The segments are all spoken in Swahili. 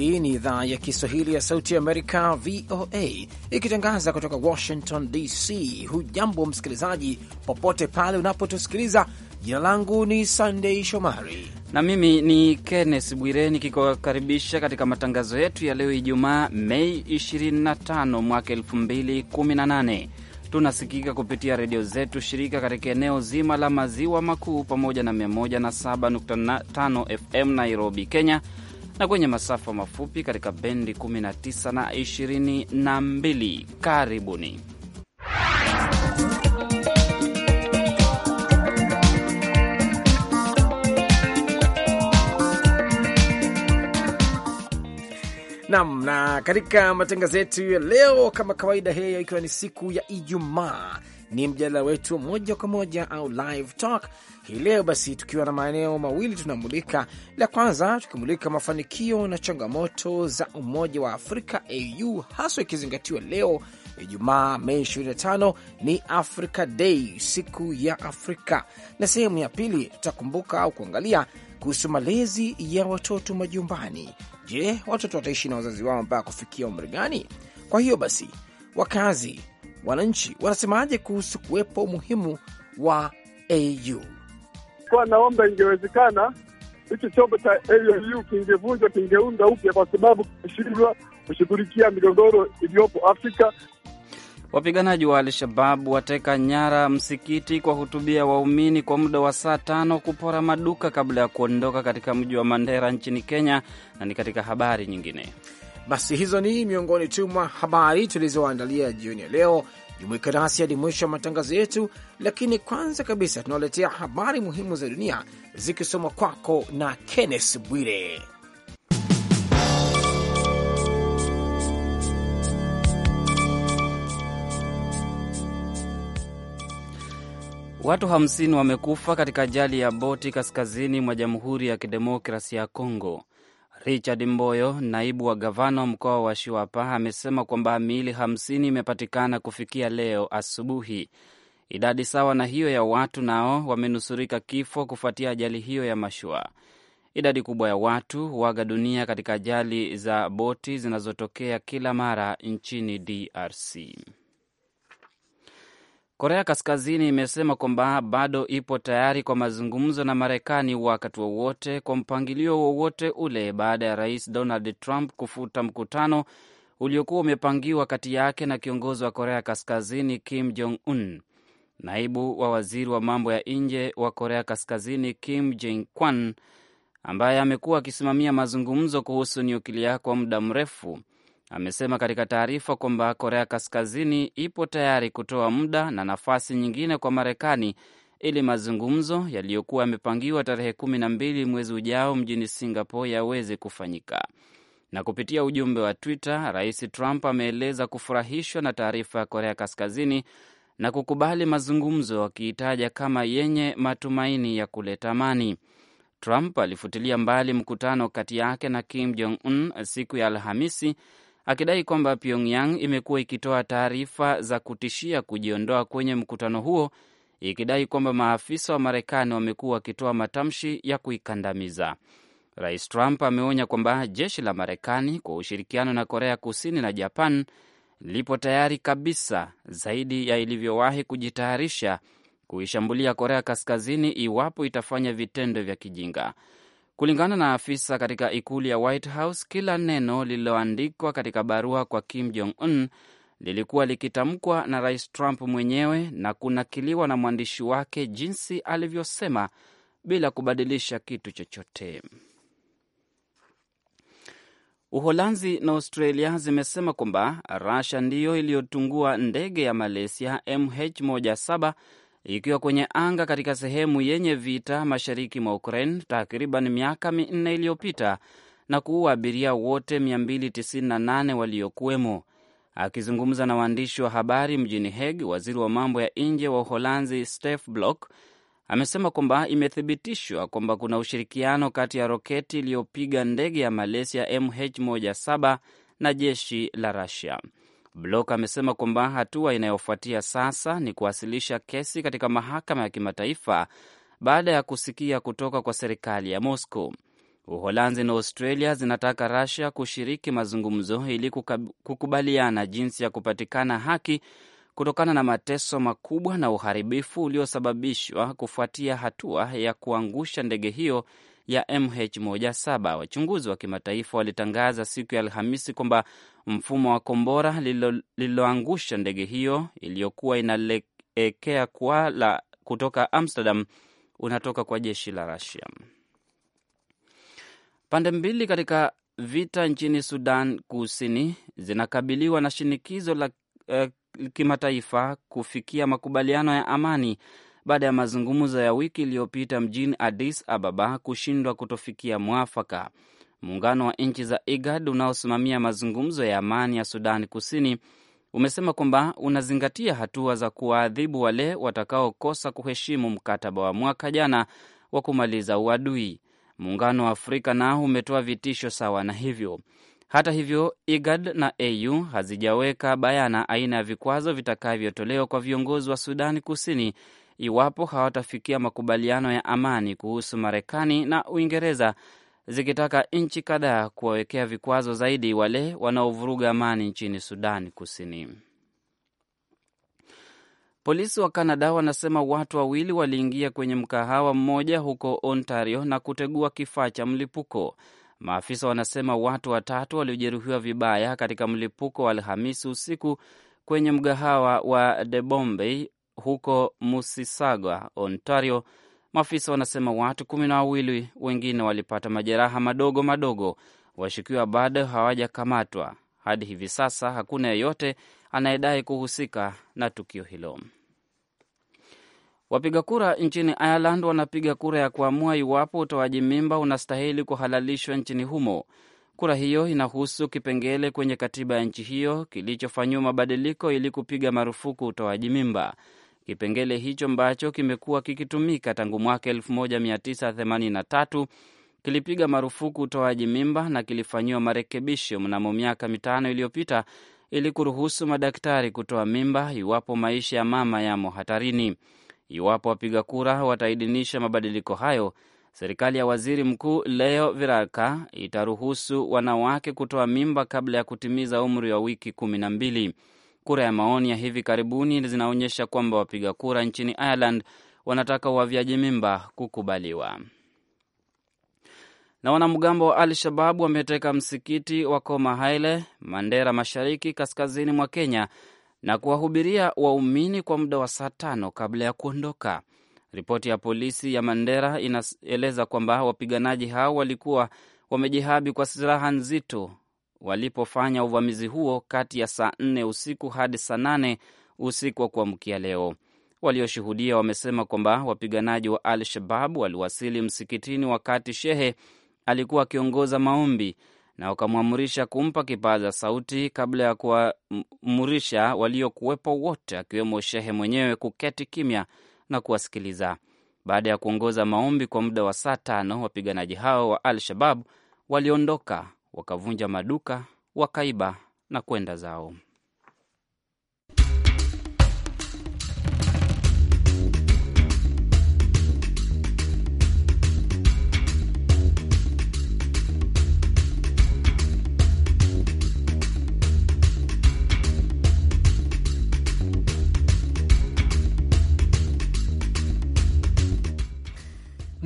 Hii ni idhaa ya Kiswahili ya Sauti ya Amerika, VOA, ikitangaza kutoka Washington DC. Hujambo msikilizaji, popote pale unapotusikiliza. Jina langu ni Sandei Shomari na mimi ni Kennes Bwire nikikukaribisha katika matangazo yetu ya leo Ijumaa, Mei 25 mwaka 2018. Tunasikika kupitia redio zetu shirika katika eneo zima la maziwa makuu pamoja na 107.5 FM Nairobi, Kenya, na kwenye masafa mafupi katika bendi 19 na 22. Karibuni. Nam na katika matangazo yetu ya leo, kama kawaida, hiyo ikiwa ni siku ya Ijumaa, ni mjadala wetu moja kwa moja au live talk hii leo. Basi tukiwa na maeneo mawili tunamulika, la kwanza tukimulika mafanikio na changamoto za Umoja wa Afrika au haswa ikizingatiwa leo Ijumaa Mei 25 ni Africa Day, siku ya Afrika, na sehemu ya pili tutakumbuka au kuangalia kuhusu malezi ya watoto majumbani. Je, watoto wataishi na wazazi wao mpaka kufikia umri gani? Kwa hiyo basi, wakazi wananchi wanasemaje kuhusu kuwepo umuhimu wa AU? Kwa naomba ingewezekana hicho chombo cha AU kingevunjwa, kingeunda upya, kwa sababu kimeshindwa kushughulikia migogoro iliyopo Afrika. Wapiganaji wa al wateka nyara msikiti kwa hutubia waumini kwa muda wa saa tano, kupora maduka kabla ya kuondoka katika mji wa Mandera nchini Kenya. Na ni katika habari nyingine basi hizo ni miongoni tu mwa habari tulizoandalia jioni ya leo. Jumuika nasi hadi mwisho wa matangazo yetu, lakini kwanza kabisa tunawaletea habari muhimu za dunia zikisomwa kwako na Kenneth Bwire. Watu 50 wamekufa katika ajali ya boti kaskazini mwa Jamhuri ya Kidemokrasia ya Kongo. Richard Mboyo, naibu wa gavana wa mkoa wa Shiwapa, amesema kwamba miili hamsini imepatikana kufikia leo asubuhi. Idadi sawa na hiyo ya watu nao wamenusurika kifo kufuatia ajali hiyo ya mashua. Idadi kubwa ya watu huaga dunia katika ajali za boti zinazotokea kila mara nchini DRC. Korea Kaskazini imesema kwamba bado ipo tayari kwa mazungumzo na Marekani wakati wowote kwa mpangilio wowote ule baada ya Rais Donald Trump kufuta mkutano uliokuwa umepangiwa kati yake na kiongozi wa Korea Kaskazini Kim Jong Un. Naibu wa waziri wa mambo ya nje wa Korea Kaskazini Kim Jeng Kwan, ambaye amekuwa akisimamia mazungumzo kuhusu nyuklia kwa muda mrefu, amesema katika taarifa kwamba Korea Kaskazini ipo tayari kutoa muda na nafasi nyingine kwa Marekani ili mazungumzo yaliyokuwa yamepangiwa tarehe kumi na mbili mwezi ujao mjini Singapore yaweze kufanyika. Na kupitia ujumbe wa Twitter, Rais Trump ameeleza kufurahishwa na taarifa ya Korea Kaskazini na kukubali mazungumzo, akiitaja kama yenye matumaini ya kuleta amani. Trump alifutilia mbali mkutano kati yake na Kim Jong Un siku ya Alhamisi akidai kwamba Pyongyang imekuwa ikitoa taarifa za kutishia kujiondoa kwenye mkutano huo, ikidai kwamba maafisa wa Marekani wamekuwa wakitoa matamshi ya kuikandamiza. Rais Trump ameonya kwamba jeshi la Marekani kwa ushirikiano na Korea Kusini na Japan lipo tayari kabisa zaidi ya ilivyowahi kujitayarisha kuishambulia Korea Kaskazini iwapo itafanya vitendo vya kijinga. Kulingana na afisa katika ikulu ya White House, kila neno lililoandikwa katika barua kwa Kim Jong Un lilikuwa likitamkwa na Rais Trump mwenyewe na kunakiliwa na mwandishi wake jinsi alivyosema bila kubadilisha kitu chochote. Uholanzi na Australia zimesema kwamba Russia ndiyo iliyotungua ndege ya Malaysia MH17 ikiwa kwenye anga katika sehemu yenye vita mashariki mwa Ukraine takriban miaka minne iliyopita na kuua abiria wote 298 waliokuwemo. Akizungumza na waandishi wa habari mjini Hague, waziri wa mambo ya nje wa Uholanzi Stef Blok amesema kwamba imethibitishwa kwamba kuna ushirikiano kati ya roketi iliyopiga ndege ya Malaysia MH17 na jeshi la Russia. Blok amesema kwamba hatua inayofuatia sasa ni kuwasilisha kesi katika mahakama ya kimataifa baada ya kusikia kutoka kwa serikali ya Moscow. Uholanzi na Australia zinataka rasia kushiriki mazungumzo ili kukubaliana jinsi ya kupatikana haki kutokana na mateso makubwa na uharibifu uliosababishwa kufuatia hatua ya kuangusha ndege hiyo ya MH17. Wachunguzi wa kimataifa walitangaza siku ya Alhamisi kwamba mfumo wa kombora lililoangusha ndege hiyo iliyokuwa inaelekea Kuala kutoka Amsterdam unatoka kwa jeshi la rasia Pande mbili katika vita nchini Sudan Kusini zinakabiliwa na shinikizo la eh, kimataifa kufikia makubaliano ya amani baada ya mazungumzo ya wiki iliyopita mjini Addis Ababa kushindwa kutofikia mwafaka. Muungano wa nchi za IGAD unaosimamia mazungumzo ya amani ya Sudani Kusini umesema kwamba unazingatia hatua za kuwaadhibu wale watakaokosa kuheshimu mkataba wa mwaka jana wa kumaliza uadui. Muungano wa Afrika nao umetoa vitisho sawa na hivyo. Hata hivyo, IGAD na AU hazijaweka bayana aina ya vikwazo vitakavyotolewa kwa viongozi wa Sudani Kusini iwapo hawatafikia makubaliano ya amani kuhusu Marekani na Uingereza zikitaka nchi kadhaa kuwawekea vikwazo zaidi wale wanaovuruga amani nchini Sudani Kusini. Polisi wa Kanada wanasema watu wawili waliingia kwenye mkahawa mmoja huko Ontario na kutegua kifaa cha mlipuko. Maafisa wanasema watu watatu waliojeruhiwa vibaya katika mlipuko wa Alhamisi usiku kwenye mgahawa wa debombey Bombay huko Musisagwa, Ontario, Maafisa wanasema watu kumi na wawili wengine walipata majeraha madogo madogo. Washukiwa bado hawajakamatwa. Hadi hivi sasa hakuna yeyote anayedai kuhusika na tukio hilo. Wapiga kura nchini Ireland wanapiga kura ya kuamua iwapo utoaji mimba unastahili kuhalalishwa nchini humo. Kura hiyo inahusu kipengele kwenye katiba ya nchi hiyo kilichofanyiwa mabadiliko ili kupiga marufuku utoaji mimba. Kipengele hicho ambacho kimekuwa kikitumika tangu mwaka 1983 kilipiga marufuku utoaji mimba na kilifanyiwa marekebisho mnamo miaka mitano iliyopita ili kuruhusu madaktari kutoa mimba iwapo maisha ya mama yamo hatarini. Iwapo wapiga kura wataidhinisha mabadiliko hayo, serikali ya waziri mkuu Leo Viraka itaruhusu wanawake kutoa mimba kabla ya kutimiza umri wa wiki kumi na mbili. Kura ya maoni ya hivi karibuni zinaonyesha kwamba wapiga kura nchini Ireland wanataka uavyaji mimba kukubaliwa. Na wanamgambo wa Al shababu wameteka msikiti wa Koma Haile, Mandera Mashariki, kaskazini mwa Kenya na kuwahubiria waumini kwa muda wa saa tano kabla ya kuondoka. Ripoti ya polisi ya Mandera inaeleza kwamba wapiganaji hao walikuwa wamejihabi kwa silaha nzito walipofanya uvamizi huo kati ya saa nne usiku hadi saa nane usiku wa kuamkia leo. Walioshuhudia wamesema kwamba wapiganaji wa Al Shabab waliwasili msikitini wakati shehe alikuwa akiongoza maombi na wakamwamurisha kumpa kipaza sauti kabla ya kuwamurisha waliokuwepo wote akiwemo shehe mwenyewe kuketi kimya na kuwasikiliza. Baada ya kuongoza maombi kwa muda wa saa tano, wapiganaji hao wa Al Shabab waliondoka wakavunja maduka, wakaiba na kwenda zao.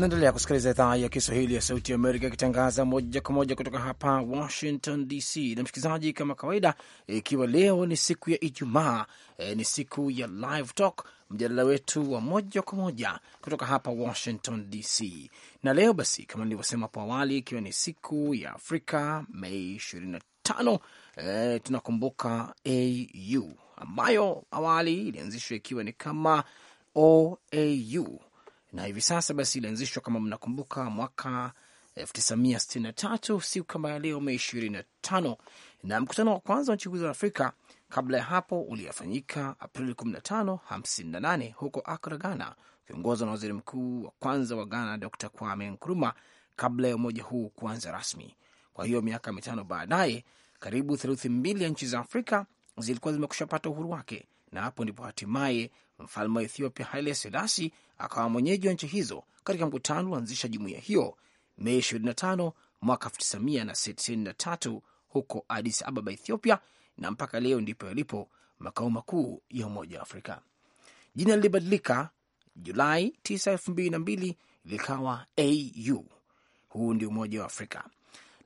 Naendelea kusikiliza idhaa ya Kiswahili ya Sauti ya Amerika ikitangaza moja kwa moja kutoka hapa Washington DC. Na msikilizaji, kama kawaida, ikiwa leo ni siku ya Ijumaa, e, ni siku ya Live Talk, mjadala wetu wa moja kwa moja kutoka hapa Washington DC. Na leo basi, kama nilivyosema hapo awali, ikiwa ni siku ya Afrika Mei 25, e, tunakumbuka AU ambayo awali ilianzishwa ikiwa ni kama OAU na hivi sasa basi ilianzishwa kama mnakumbuka mwaka 1963 siku kama ya leo Mei 25, na mkutano wa kwanza wa nchi hizo za Afrika kabla ya hapo uliyafanyika Aprili 15, 58 huko Akra, Ghana, ukiongozwa na waziri mkuu wa kwanza wa Ghana Dr Kwame Nkrumah kabla ya umoja huu kuanza rasmi. Kwa hiyo miaka mitano baadaye, karibu theluthi mbili ya nchi za Afrika zilikuwa zimekushapata uhuru wake, na hapo ndipo hatimaye Mfalme wa Ethiopia Haile Selassie akawa mwenyeji wa nchi hizo katika mkutano uanzisha jumuiya hiyo Mei 25 mwaka 1963 huko Addis Ababa, Ethiopia, na mpaka leo ndipo yalipo makao makuu ya Umoja wa Afrika. Jina lilibadilika Julai 9, 2002 likawa AU. Huu ndio Umoja wa Afrika.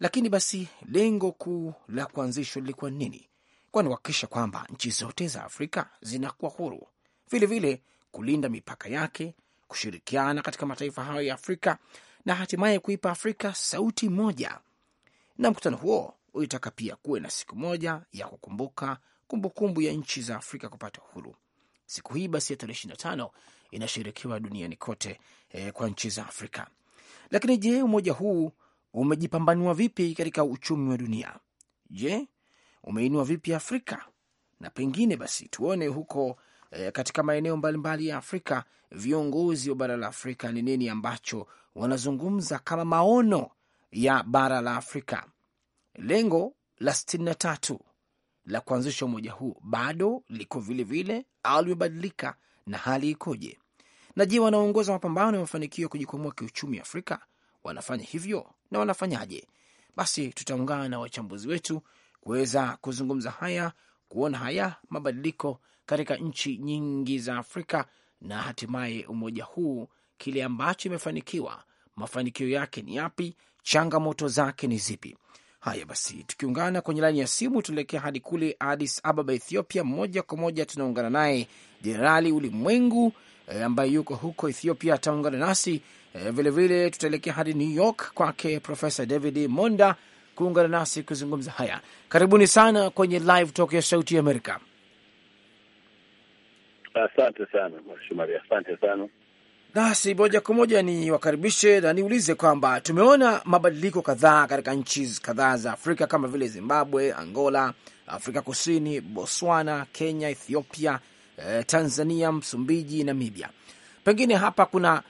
Lakini basi lengo kuu la kuanzishwa lilikuwa nini? Kwani kuhakikisha kwamba nchi zote za Afrika zinakuwa huru vilevile vile, kulinda mipaka yake, kushirikiana katika mataifa hayo ya Afrika na hatimaye kuipa Afrika sauti moja. Na mkutano huo ulitaka pia kuwe na siku moja ya kukumbuka kumbukumbu kumbu ya nchi za Afrika kupata uhuru. Siku hii basi ya tarehe ishirini na tano inashirikiwa duniani kote eh, kwa nchi za Afrika. Lakini je, umoja huu umejipambanua vipi katika uchumi wa dunia? Je, umeinua vipi Afrika? Na pengine basi tuone huko E, katika maeneo mbalimbali ya Afrika, viongozi wa bara la Afrika ni nini ambacho wanazungumza kama maono ya bara la Afrika. Lengo la sitini na tatu la kuanzisha umoja huu bado liko vilevile au limebadilika na hali ikoje? Na je, wanaongoza mapambano ya mafanikio ya kujikwamua kiuchumi Afrika wanafanya hivyo na wanafanyaje? Basi tutaungana na wachambuzi wetu kuweza kuzungumza haya, kuona haya mabadiliko katika nchi nyingi za Afrika na hatimaye umoja huu, kile ambacho imefanikiwa, mafanikio yake ni yapi? Changamoto zake ni zipi? Haya basi, tukiungana kwenye laini ya simu tuelekea hadi kule Addis Ababa, Ethiopia. Moja kwa moja tunaungana naye Jenerali Ulimwengu e, ambaye yuko huko Ethiopia, ataungana nasi vilevile. Eh, tutaelekea hadi New York kwake Profesa David Monda kuungana nasi kuzungumza haya. Karibuni sana kwenye Live Talk ya Sauti ya Amerika. Asante sana Mshumari, asante sana. Basi moja kwa moja ni wakaribishe na niulize kwamba tumeona mabadiliko kadhaa katika nchi kadhaa za Afrika kama vile Zimbabwe, Angola, Afrika Kusini, Botswana, Kenya, Ethiopia, eh, Tanzania, Msumbiji, Namibia. Pengine hapa kuna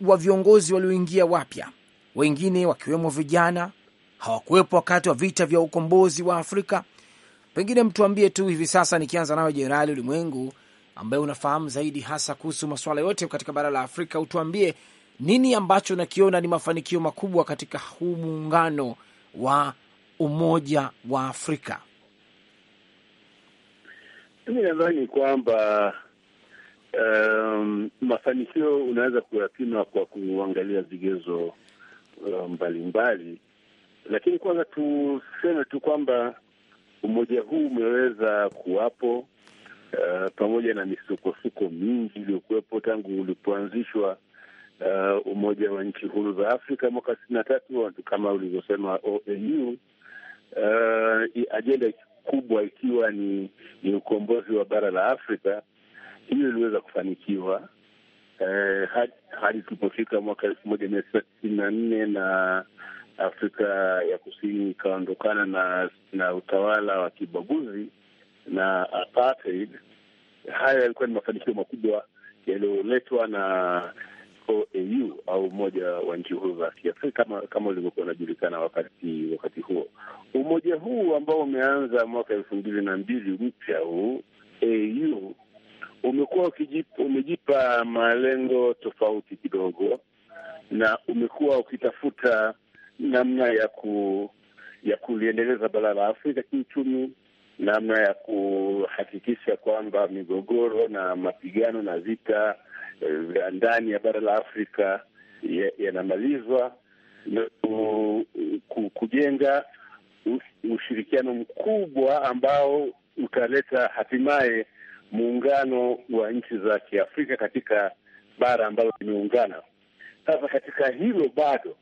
wa viongozi walioingia wapya, wengine wakiwemo vijana hawakuwepo wakati wa vita vya ukombozi wa Afrika, Pengine mtuambie tu hivi sasa, nikianza nayo Jenerali Ulimwengu ambaye unafahamu zaidi hasa kuhusu masuala yote katika bara la Afrika, utuambie nini ambacho nakiona ni mafanikio makubwa katika huu muungano wa Umoja wa Afrika? Mimi nadhani kwamba um, mafanikio unaweza kuyapima kwa kuangalia vigezo uh, mbalimbali um, mbali. Lakini kwanza tuseme tu kwamba umoja huu umeweza kuwapo uh, pamoja na misukosuko mingi iliyokuwepo tangu ulipoanzishwa uh, umoja wa nchi huru za Afrika mwaka sitini na tatu kama ulivyosema OAU. Uh, eh, ajenda kubwa ikiwa ni, ni ukombozi wa bara la Afrika. Hiyo iliweza kufanikiwa uh, hadi tulipofika mwaka elfu moja mia tisa tisini na nne na Afrika ya Kusini ikaondokana na, na utawala wa kibaguzi na apartheid. Haya yalikuwa ni mafanikio makubwa yaliyoletwa na OAU au Umoja wa Nchi Huru za Kiafrika kama, kama ulivyokuwa unajulikana wakati wakati huo. Umoja huu ambao umeanza mwaka elfu mbili na mbili mpya huu AU umekuwa umejipa malengo tofauti kidogo, na umekuwa ukitafuta namna ya ku ya kuliendeleza bara la Afrika kiuchumi, namna ya kuhakikisha kwamba migogoro na mapigano na vita eh, vya eh, ndani ya bara la Afrika yanamalizwa ya na ku, kujenga ushirikiano mkubwa ambao utaleta hatimaye muungano wa nchi za Kiafrika katika bara ambalo limeungana. Sasa katika hilo bado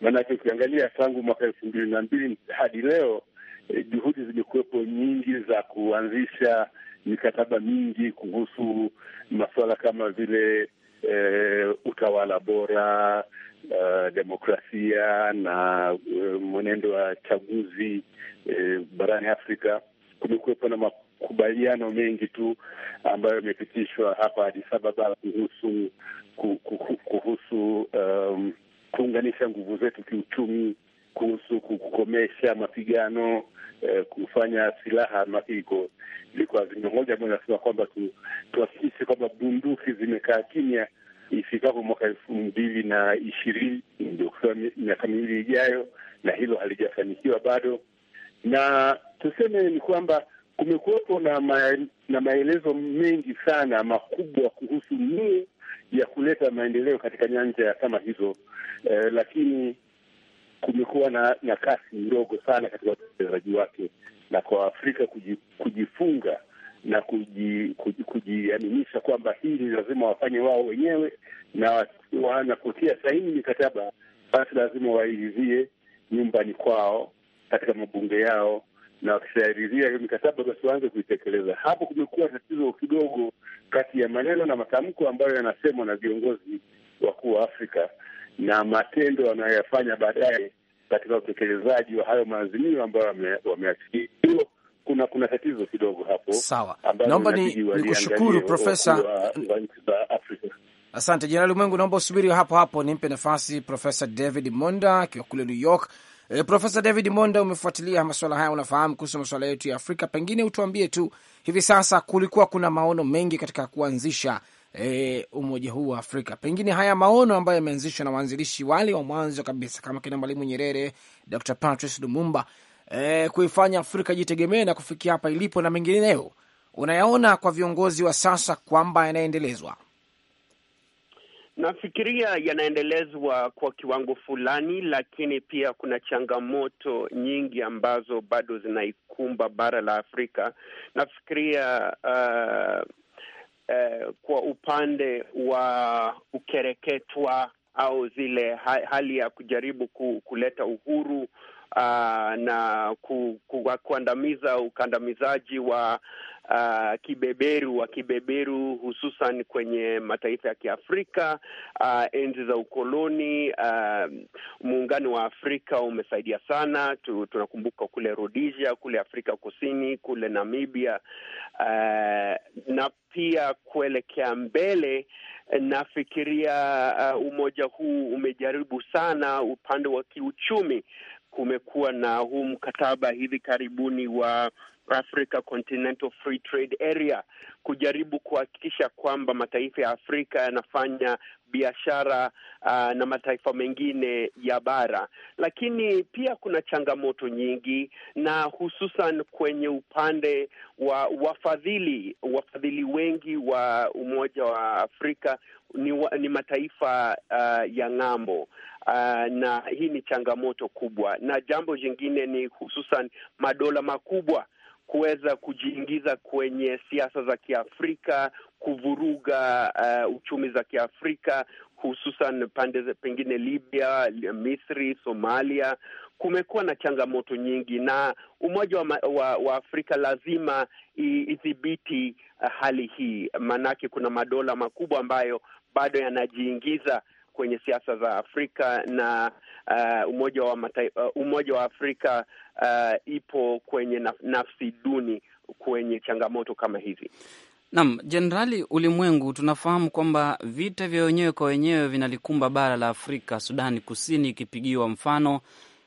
Maanake ukiangalia tangu mwaka elfu mbili na mbili hadi leo eh, juhudi zimekuwepo nyingi za kuanzisha mikataba mingi kuhusu masuala kama vile eh, utawala bora Uh, demokrasia na uh, mwenendo wa chaguzi uh, barani Afrika. Kumekuwepo na makubaliano mengi tu ambayo yamepitishwa hapa Addis Ababa kuhusu kuhusu um, kuunganisha nguvu zetu kiuchumi, kuhusu kukomesha mapigano eh, kufanya silaha mapigo. Ilikuwa azimio moja ambayo inasema kwamba tuhakikishe kwamba bunduki zimekaa kimya ifikapo mwaka elfu mbili na ishirini, ndio kusema miaka miwili ijayo, na hilo halijafanikiwa bado. Na tuseme ni kwamba kumekuwepo na, ma, na maelezo mengi sana makubwa kuhusu nie ya kuleta maendeleo katika nyanja kama hizo eh, lakini kumekuwa na, nyakasi kasi ndogo sana katika utekelezaji wake, na kwa Afrika kujifunga na kujiaminisha kuji, kuji, kwamba hili lazima wafanye wao wenyewe na wanapotia saini mikataba basi lazima wairizie nyumbani kwao katika mabunge yao na wakishairidhia hiyo mikataba basi waanze kuitekeleza. Hapo kumekuwa tatizo kidogo kati ya maneno na matamko ambayo yanasemwa na viongozi wakuu wa Afrika na matendo wanayoyafanya baadaye katika utekelezaji wa hayo maazimio ambayo wameafikia. Hiyo kuna kuna tatizo kidogo hapo. Sawa, naomba nikushukuru Profesa. Asante Jenerali Mwengu, naomba usubiri hapo hapo nimpe nafasi Profesa David Monda akiwa kule New York E, Profesa David Monda, umefuatilia maswala haya, unafahamu kuhusu maswala yetu ya Afrika. Pengine utuambie tu hivi sasa, kulikuwa kuna maono mengi katika kuanzisha e, umoja huu wa Afrika. Pengine haya maono ambayo yameanzishwa na waanzilishi wale wa mwanzo kabisa kama kina Mwalimu Nyerere, Dr. Patrice Lumumba, e, kuifanya Afrika jitegemee na kufikia hapa ilipo na mengineyo, unayaona kwa viongozi wa sasa kwamba yanaendelezwa? Nafikiria yanaendelezwa kwa kiwango fulani, lakini pia kuna changamoto nyingi ambazo bado zinaikumba bara la Afrika. Nafikiria uh, uh, kwa upande wa ukereketwa au zile hali ya kujaribu kuleta uhuru Uh, na kuandamiza ukandamizaji wa uh, kibeberu wa kibeberu hususan kwenye mataifa ya Kiafrika uh, enzi za ukoloni. Uh, muungano wa Afrika umesaidia sana tu, tunakumbuka kule Rhodesia, kule Afrika Kusini, kule Namibia uh, na pia kuelekea mbele nafikiria uh, umoja huu umejaribu sana upande wa kiuchumi. Kumekuwa na huu mkataba hivi karibuni wa Africa Continental Free Trade Area kujaribu kuhakikisha kwamba mataifa ya Afrika yanafanya biashara uh, na mataifa mengine ya bara, lakini pia kuna changamoto nyingi, na hususan kwenye upande wa wafadhili. Wafadhili wengi wa Umoja wa Afrika ni, wa, ni mataifa uh, ya ng'ambo. Uh, na hii ni changamoto kubwa, na jambo jingine ni hususan madola makubwa kuweza kujiingiza kwenye siasa za Kiafrika, kuvuruga uh, uchumi za Kiafrika, hususan pande pengine Libya, Misri, Somalia. Kumekuwa na changamoto nyingi, na Umoja wa, wa, wa Afrika lazima idhibiti uh, hali hii, maanake kuna madola makubwa ambayo bado yanajiingiza kwenye siasa za Afrika na uh, Umoja wa Mataifa, uh, Umoja wa Afrika uh, ipo kwenye naf nafsi duni kwenye changamoto kama hizi. Naam, Jenerali Ulimwengu, tunafahamu kwamba vita vya wenyewe kwa wenyewe vinalikumba bara la Afrika, Sudani Kusini ikipigiwa mfano,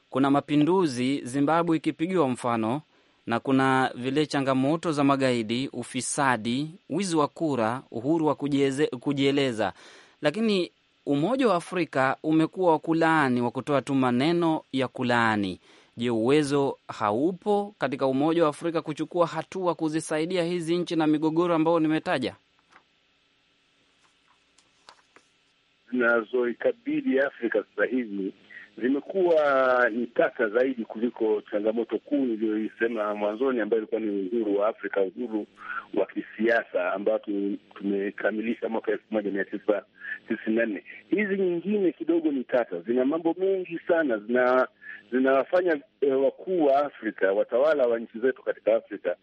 kuna mapinduzi Zimbabwe ikipigiwa mfano, na kuna vile changamoto za magaidi, ufisadi, wizi wa kura, uhuru wa kujieleza. Lakini Umoja wa Afrika umekuwa wa kulaani, wa kutoa tu maneno ya kulaani. Je, uwezo haupo katika Umoja wa Afrika kuchukua hatua kuzisaidia hizi nchi na migogoro ambayo nimetaja zinazoikabili Afrika sasa hivi? zimekuwa ni tata zaidi kuliko changamoto kuu niliyoisema mwanzoni, ambayo ilikuwa ni uhuru wa Afrika, uhuru wa kisiasa ambao tumekamilisha mwaka elfu moja mia tisa tisini na nne. Hizi nyingine kidogo ni tata, zina mambo mengi sana, zina zinawafanya eh, wakuu wa Afrika, watawala wa nchi zetu katika Afrika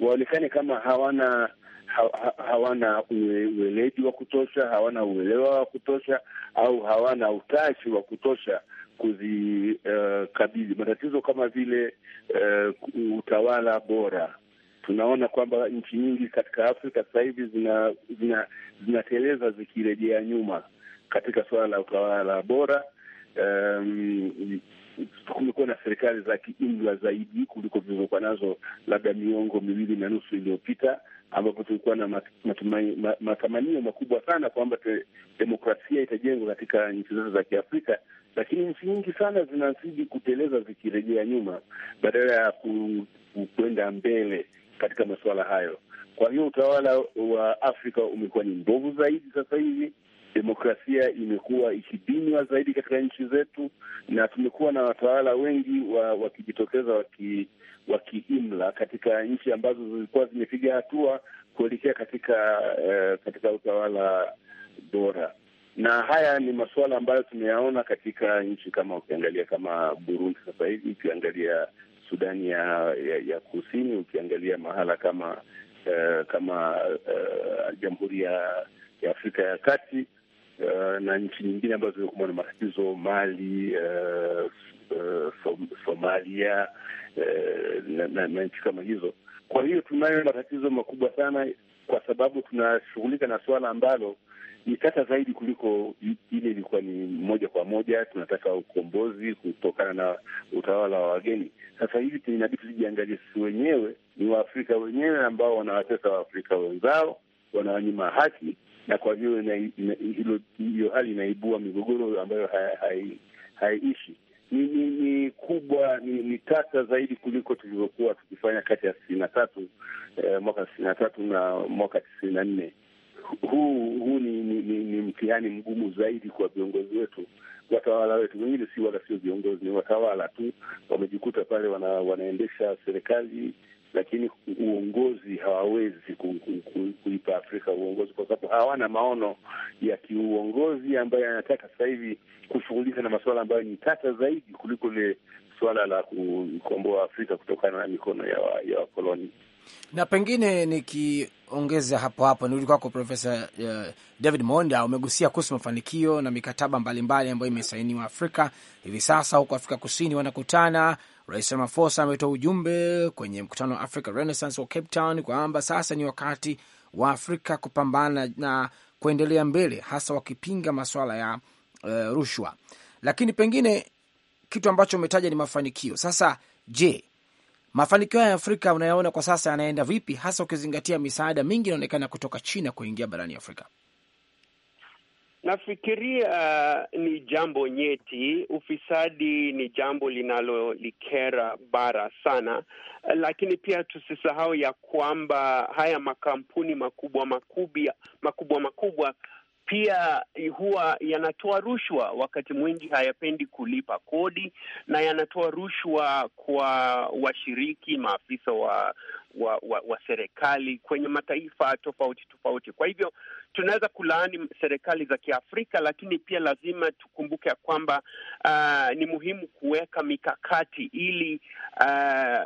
waonekane kama hawana ha, hawana ueledi wa kutosha, hawana uelewa wa kutosha, au hawana utashi wa kutosha kuzikabili uh, matatizo kama vile uh, utawala bora. Tunaona kwamba nchi nyingi katika Afrika sasa hivi zinateleza zina, zina zikirejea nyuma katika suala la utawala bora. Um, kumekuwa na serikali za kiimla zaidi kuliko zilizokuwa nazo labda miongo miwili na nusu iliyopita, ambapo tulikuwa na matamanio makubwa sana kwamba demokrasia itajengwa katika nchi zote za Kiafrika, lakini nchi nyingi sana zinazidi kuteleza zikirejea nyuma badala ya kwenda mbele katika masuala hayo. Kwa hiyo utawala wa Afrika umekuwa ni mbovu zaidi sasa hivi, demokrasia imekuwa ikidinywa zaidi katika nchi zetu, na tumekuwa na watawala wengi wa, wakijitokeza waki, wakiimla katika nchi ambazo zilikuwa zimepiga hatua kuelekea katika eh, katika utawala bora na haya ni masuala ambayo tumeyaona katika nchi kama ukiangalia kama Burundi sasa hivi, ukiangalia Sudani ya, ya, ya Kusini, ukiangalia mahala kama uh, kama uh, Jamhuri ya, ya Afrika ya Kati uh, na nchi nyingine ambazo zimekumbwa na matatizo Mali, uh, uh, Som Somalia uh, na, na, na nchi kama hizo. Kwa hiyo tunayo matatizo makubwa sana, kwa sababu tunashughulika na suala ambalo ni tata zaidi kuliko ile ilikuwa ni moja kwa moja, tunataka ukombozi kutokana na utawala wa wageni. Sasa hivi inabidi tujiangalie sisi wenyewe, ni Waafrika wenyewe ambao wanawatesa Waafrika wenzao, wanawanyima haki, na kwa hiyo hiyo hali inaibua migogoro ambayo haiishi hai, hai ni, ni, ni kubwa ni, ni tata zaidi kuliko tulivyokuwa tukifanya kati ya sitini na tatu eh, mwaka sitini na tatu na mwaka tisini na nne huu huu ni, ni, ni, ni mtihani mgumu zaidi kwa viongozi wetu, watawala wetu. Wengine si wala sio viongozi, ni watawala tu, wamejikuta pale wana, wanaendesha serikali lakini uongozi hawawezi kuipa Afrika uongozi kwa sababu hawana maono ya kiuongozi ambayo yanataka sasa hivi kushughulika na masuala ambayo ni tata zaidi kuliko ile suala la kukomboa Afrika kutokana na mikono ya wakoloni. Na pengine nikiongeza hapo hapo, nirudi kwako Profesa uh, David Monda, umegusia kuhusu mafanikio na mikataba mbalimbali ambayo imesainiwa Afrika hivi sasa. Huko Afrika Kusini wanakutana, Rais Ramaphosa ametoa ujumbe kwenye mkutano wa Africa Renaissance wa Cape Town kwamba sasa ni wakati wa Afrika kupambana na kuendelea mbele, hasa wakipinga masuala ya uh, rushwa. Lakini pengine kitu ambacho umetaja ni mafanikio. Sasa je, mafanikio ya Afrika unayaona kwa sasa yanaenda vipi, hasa ukizingatia misaada mingi inaonekana kutoka China kuingia barani Afrika? Nafikiria uh, ni jambo nyeti. Ufisadi ni jambo linalolikera bara sana, uh, lakini pia tusisahau ya kwamba haya makampuni makubwa makubwa makubwa pia huwa yanatoa rushwa, wakati mwingi hayapendi kulipa kodi na yanatoa rushwa kwa washiriki, maafisa wa wa, wa, wa serikali kwenye mataifa tofauti tofauti. Kwa hivyo tunaweza kulaani serikali za Kiafrika, lakini pia lazima tukumbuke ya kwamba uh, ni muhimu kuweka mikakati ili uh,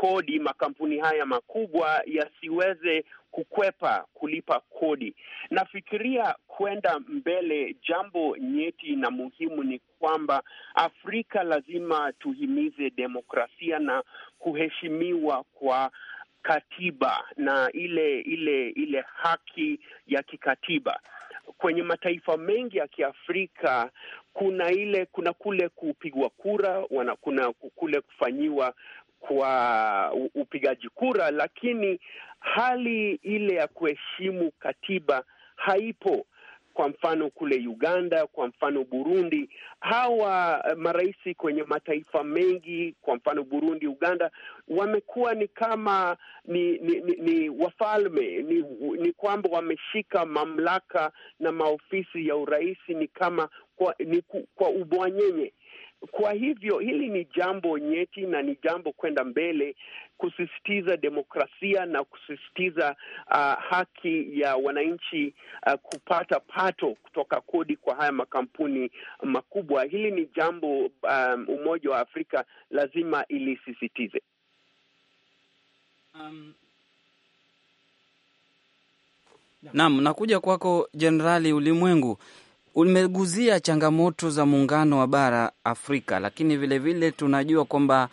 kodi makampuni haya makubwa yasiweze kukwepa kulipa kodi. Nafikiria kwenda mbele, jambo nyeti na muhimu ni kwamba Afrika lazima tuhimize demokrasia na kuheshimiwa kwa katiba na ile ile ile haki ya kikatiba. Kwenye mataifa mengi ya Kiafrika kuna ile kuna kule kupigwa kura wana, kuna kule kufanyiwa kwa upigaji kura, lakini hali ile ya kuheshimu katiba haipo. Kwa mfano kule Uganda, kwa mfano Burundi, hawa eh, marais kwenye mataifa mengi, kwa mfano Burundi, Uganda, wamekuwa ni kama ni ni, ni, ni wafalme ni, ni kwamba wameshika mamlaka na maofisi ya urais ni kama kwa, ni, kwa ubwanyenye kwa hivyo hili ni jambo nyeti na ni jambo kwenda mbele, kusisitiza demokrasia na kusisitiza uh, haki ya wananchi uh, kupata pato kutoka kodi kwa haya makampuni makubwa. Hili ni jambo um, Umoja wa Afrika lazima ilisisitize. um... Naam, nakuja kwako Jenerali Ulimwengu. Umeguzia changamoto za muungano wa bara Afrika, lakini vilevile vile tunajua kwamba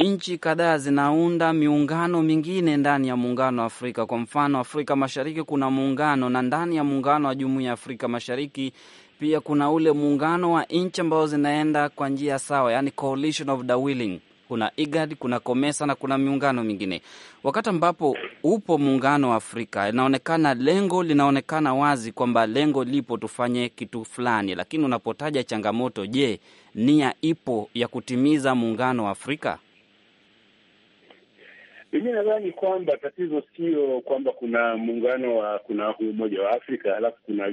nchi kadhaa zinaunda miungano mingine ndani ya muungano wa Afrika. Kwa mfano, Afrika Mashariki kuna muungano, na ndani ya muungano wa Jumuiya ya Afrika Mashariki pia kuna ule muungano wa nchi ambazo zinaenda kwa njia sawa, yani coalition of the willing kuna IGAD, kuna COMESA na kuna miungano mingine. Wakati ambapo upo muungano wa Afrika, inaonekana lengo linaonekana wazi kwamba lengo lipo, tufanye kitu fulani, lakini unapotaja changamoto, je, nia ipo ya kutimiza muungano wa Afrika? Mimi nadhani kwamba tatizo sio kwamba kuna muungano wa kuna Umoja wa Afrika alafu kuna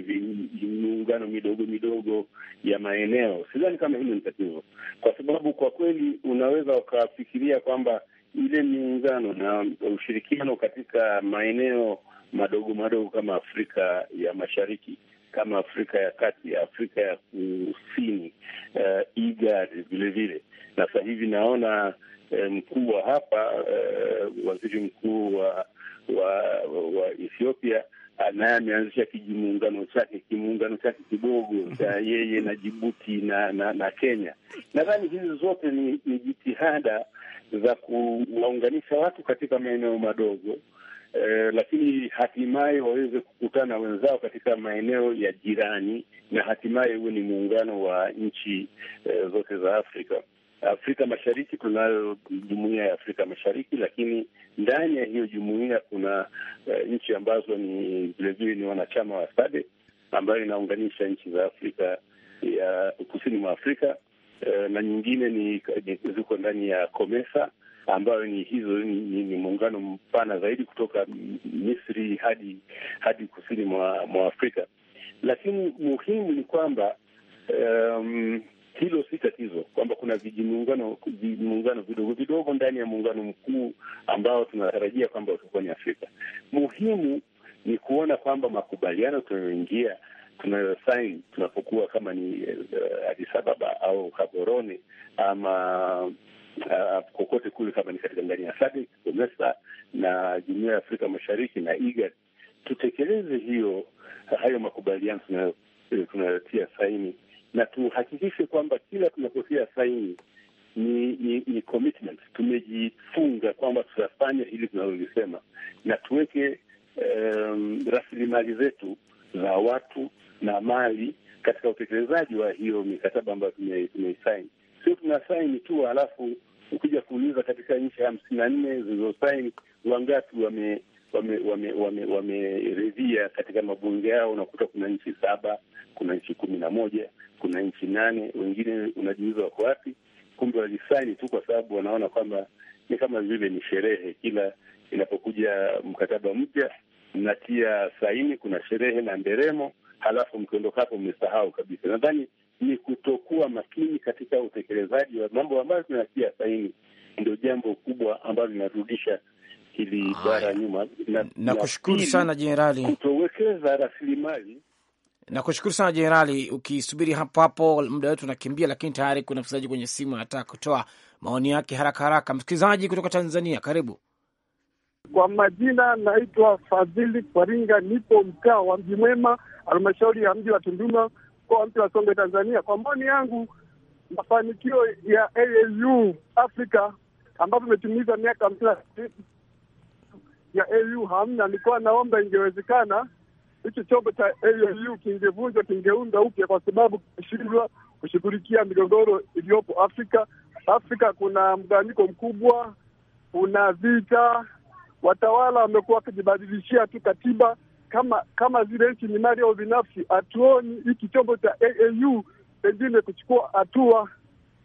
miungano midogo midogo ya maeneo. Sidhani kama hilo ni tatizo, kwa sababu kwa kweli unaweza ukafikiria kwamba ile miungano na ushirikiano katika maeneo madogo madogo kama Afrika ya Mashariki kama Afrika ya Kati, Afrika ya Kusini, uh, eh, IGAD vilevile, na sasa hivi naona Eh, mkuu wa hapa uh, waziri mkuu wa, wa wa Ethiopia naye ameanzisha kijimuungano chake kimuungano chake kidogo cha yeye na Jibuti na na, na Kenya. Nadhani hizi zote ni, ni jitihada za kuwaunganisha watu katika maeneo madogo eh, lakini hatimaye waweze kukutana wenzao katika maeneo ya jirani na hatimaye huwe ni muungano wa nchi eh, zote za Afrika. Afrika Mashariki tunayo jumuiya ya Afrika Mashariki, lakini ndani ya hiyo jumuiya kuna uh, nchi ambazo ni vilevile ni wanachama wa SADC ambayo inaunganisha nchi za Afrika ya kusini mwa Afrika uh, na nyingine ni, ni ziko ndani ya COMESA ambayo ni hizo ni, ni, ni muungano mpana zaidi kutoka Misri hadi hadi kusini mwa, mwa Afrika, lakini muhimu ni kwamba um, hilo si tatizo, kwamba kuna vijimuungano vijimuungano vidogo vidogo ndani ya muungano mkuu ambao tunatarajia kwamba utakuwa ni Afrika. Muhimu ni kuona kwamba makubaliano tunayoingia tunayosaini tunapokuwa kama ni uh, Addis Ababa au Gaborone ama uh, kokote kule, kama ni katika ndani ya SADC, COMESA na Jumuiya ya Afrika Mashariki na IGAD, tutekeleze hiyo hayo makubaliano eh, tunayotia saini na tuhakikishe kwamba kila tunapotia saini ni, ni, ni commitment, tumejifunga kwamba tutafanya hili tunalolisema, na tuweke um, rasilimali zetu za watu na mali katika utekelezaji wa hiyo mikataba ambayo tumeisaini. Sio tunasaini tu halafu ukija kuuliza katika nchi hamsini na nne zilizosaini wangapi wame wameridhia wame, wame, wame katika mabunge yao, unakuta kuna nchi saba kuna nchi kumi na moja, kuna nchi nane. Wengine unajiuliza wako wapi? Kumbe walisaini tu kwa sababu wanaona kwamba ni kama vile ni sherehe. Kila inapokuja mkataba mpya mnatia saini, kuna sherehe na nderemo, halafu mkiondokapo mmesahau kabisa. Nadhani ni kutokuwa makini katika utekelezaji wa mambo ambayo tunatia saini, ndio jambo kubwa ambalo linarudisha hili bara nyuma. Na, na sana Jenerali, kutowekeza rasilimali Nakushukuru sana Jenerali, ukisubiri hapo hapo, muda wetu unakimbia, lakini tayari kuna msikilizaji kwenye simu anataka kutoa maoni yake haraka haraka. Msikilizaji kutoka Tanzania, karibu. Kwa majina naitwa Fadhili kwaringa nipo mtaa wa Mji Mwema, halmashauri ya mji wa Tunduma, mkoa mti wa Songwe, Tanzania. Kwa maoni yangu, mafanikio ya AU Afrika ambapo imetimiza miaka hamsini ya AU hamna, nilikuwa naomba ingewezekana hicho chombo cha AU kingevunjwa, kingeunda upya, kwa sababu kimeshindwa kushughulikia migogoro iliyopo Afrika. Afrika kuna mgawanyiko mkubwa, kuna vita, watawala wamekuwa wakijibadilishia tu katiba kama kama zile nchi ni mali au binafsi. Hatuoni hiki chombo cha AU pengine kuchukua hatua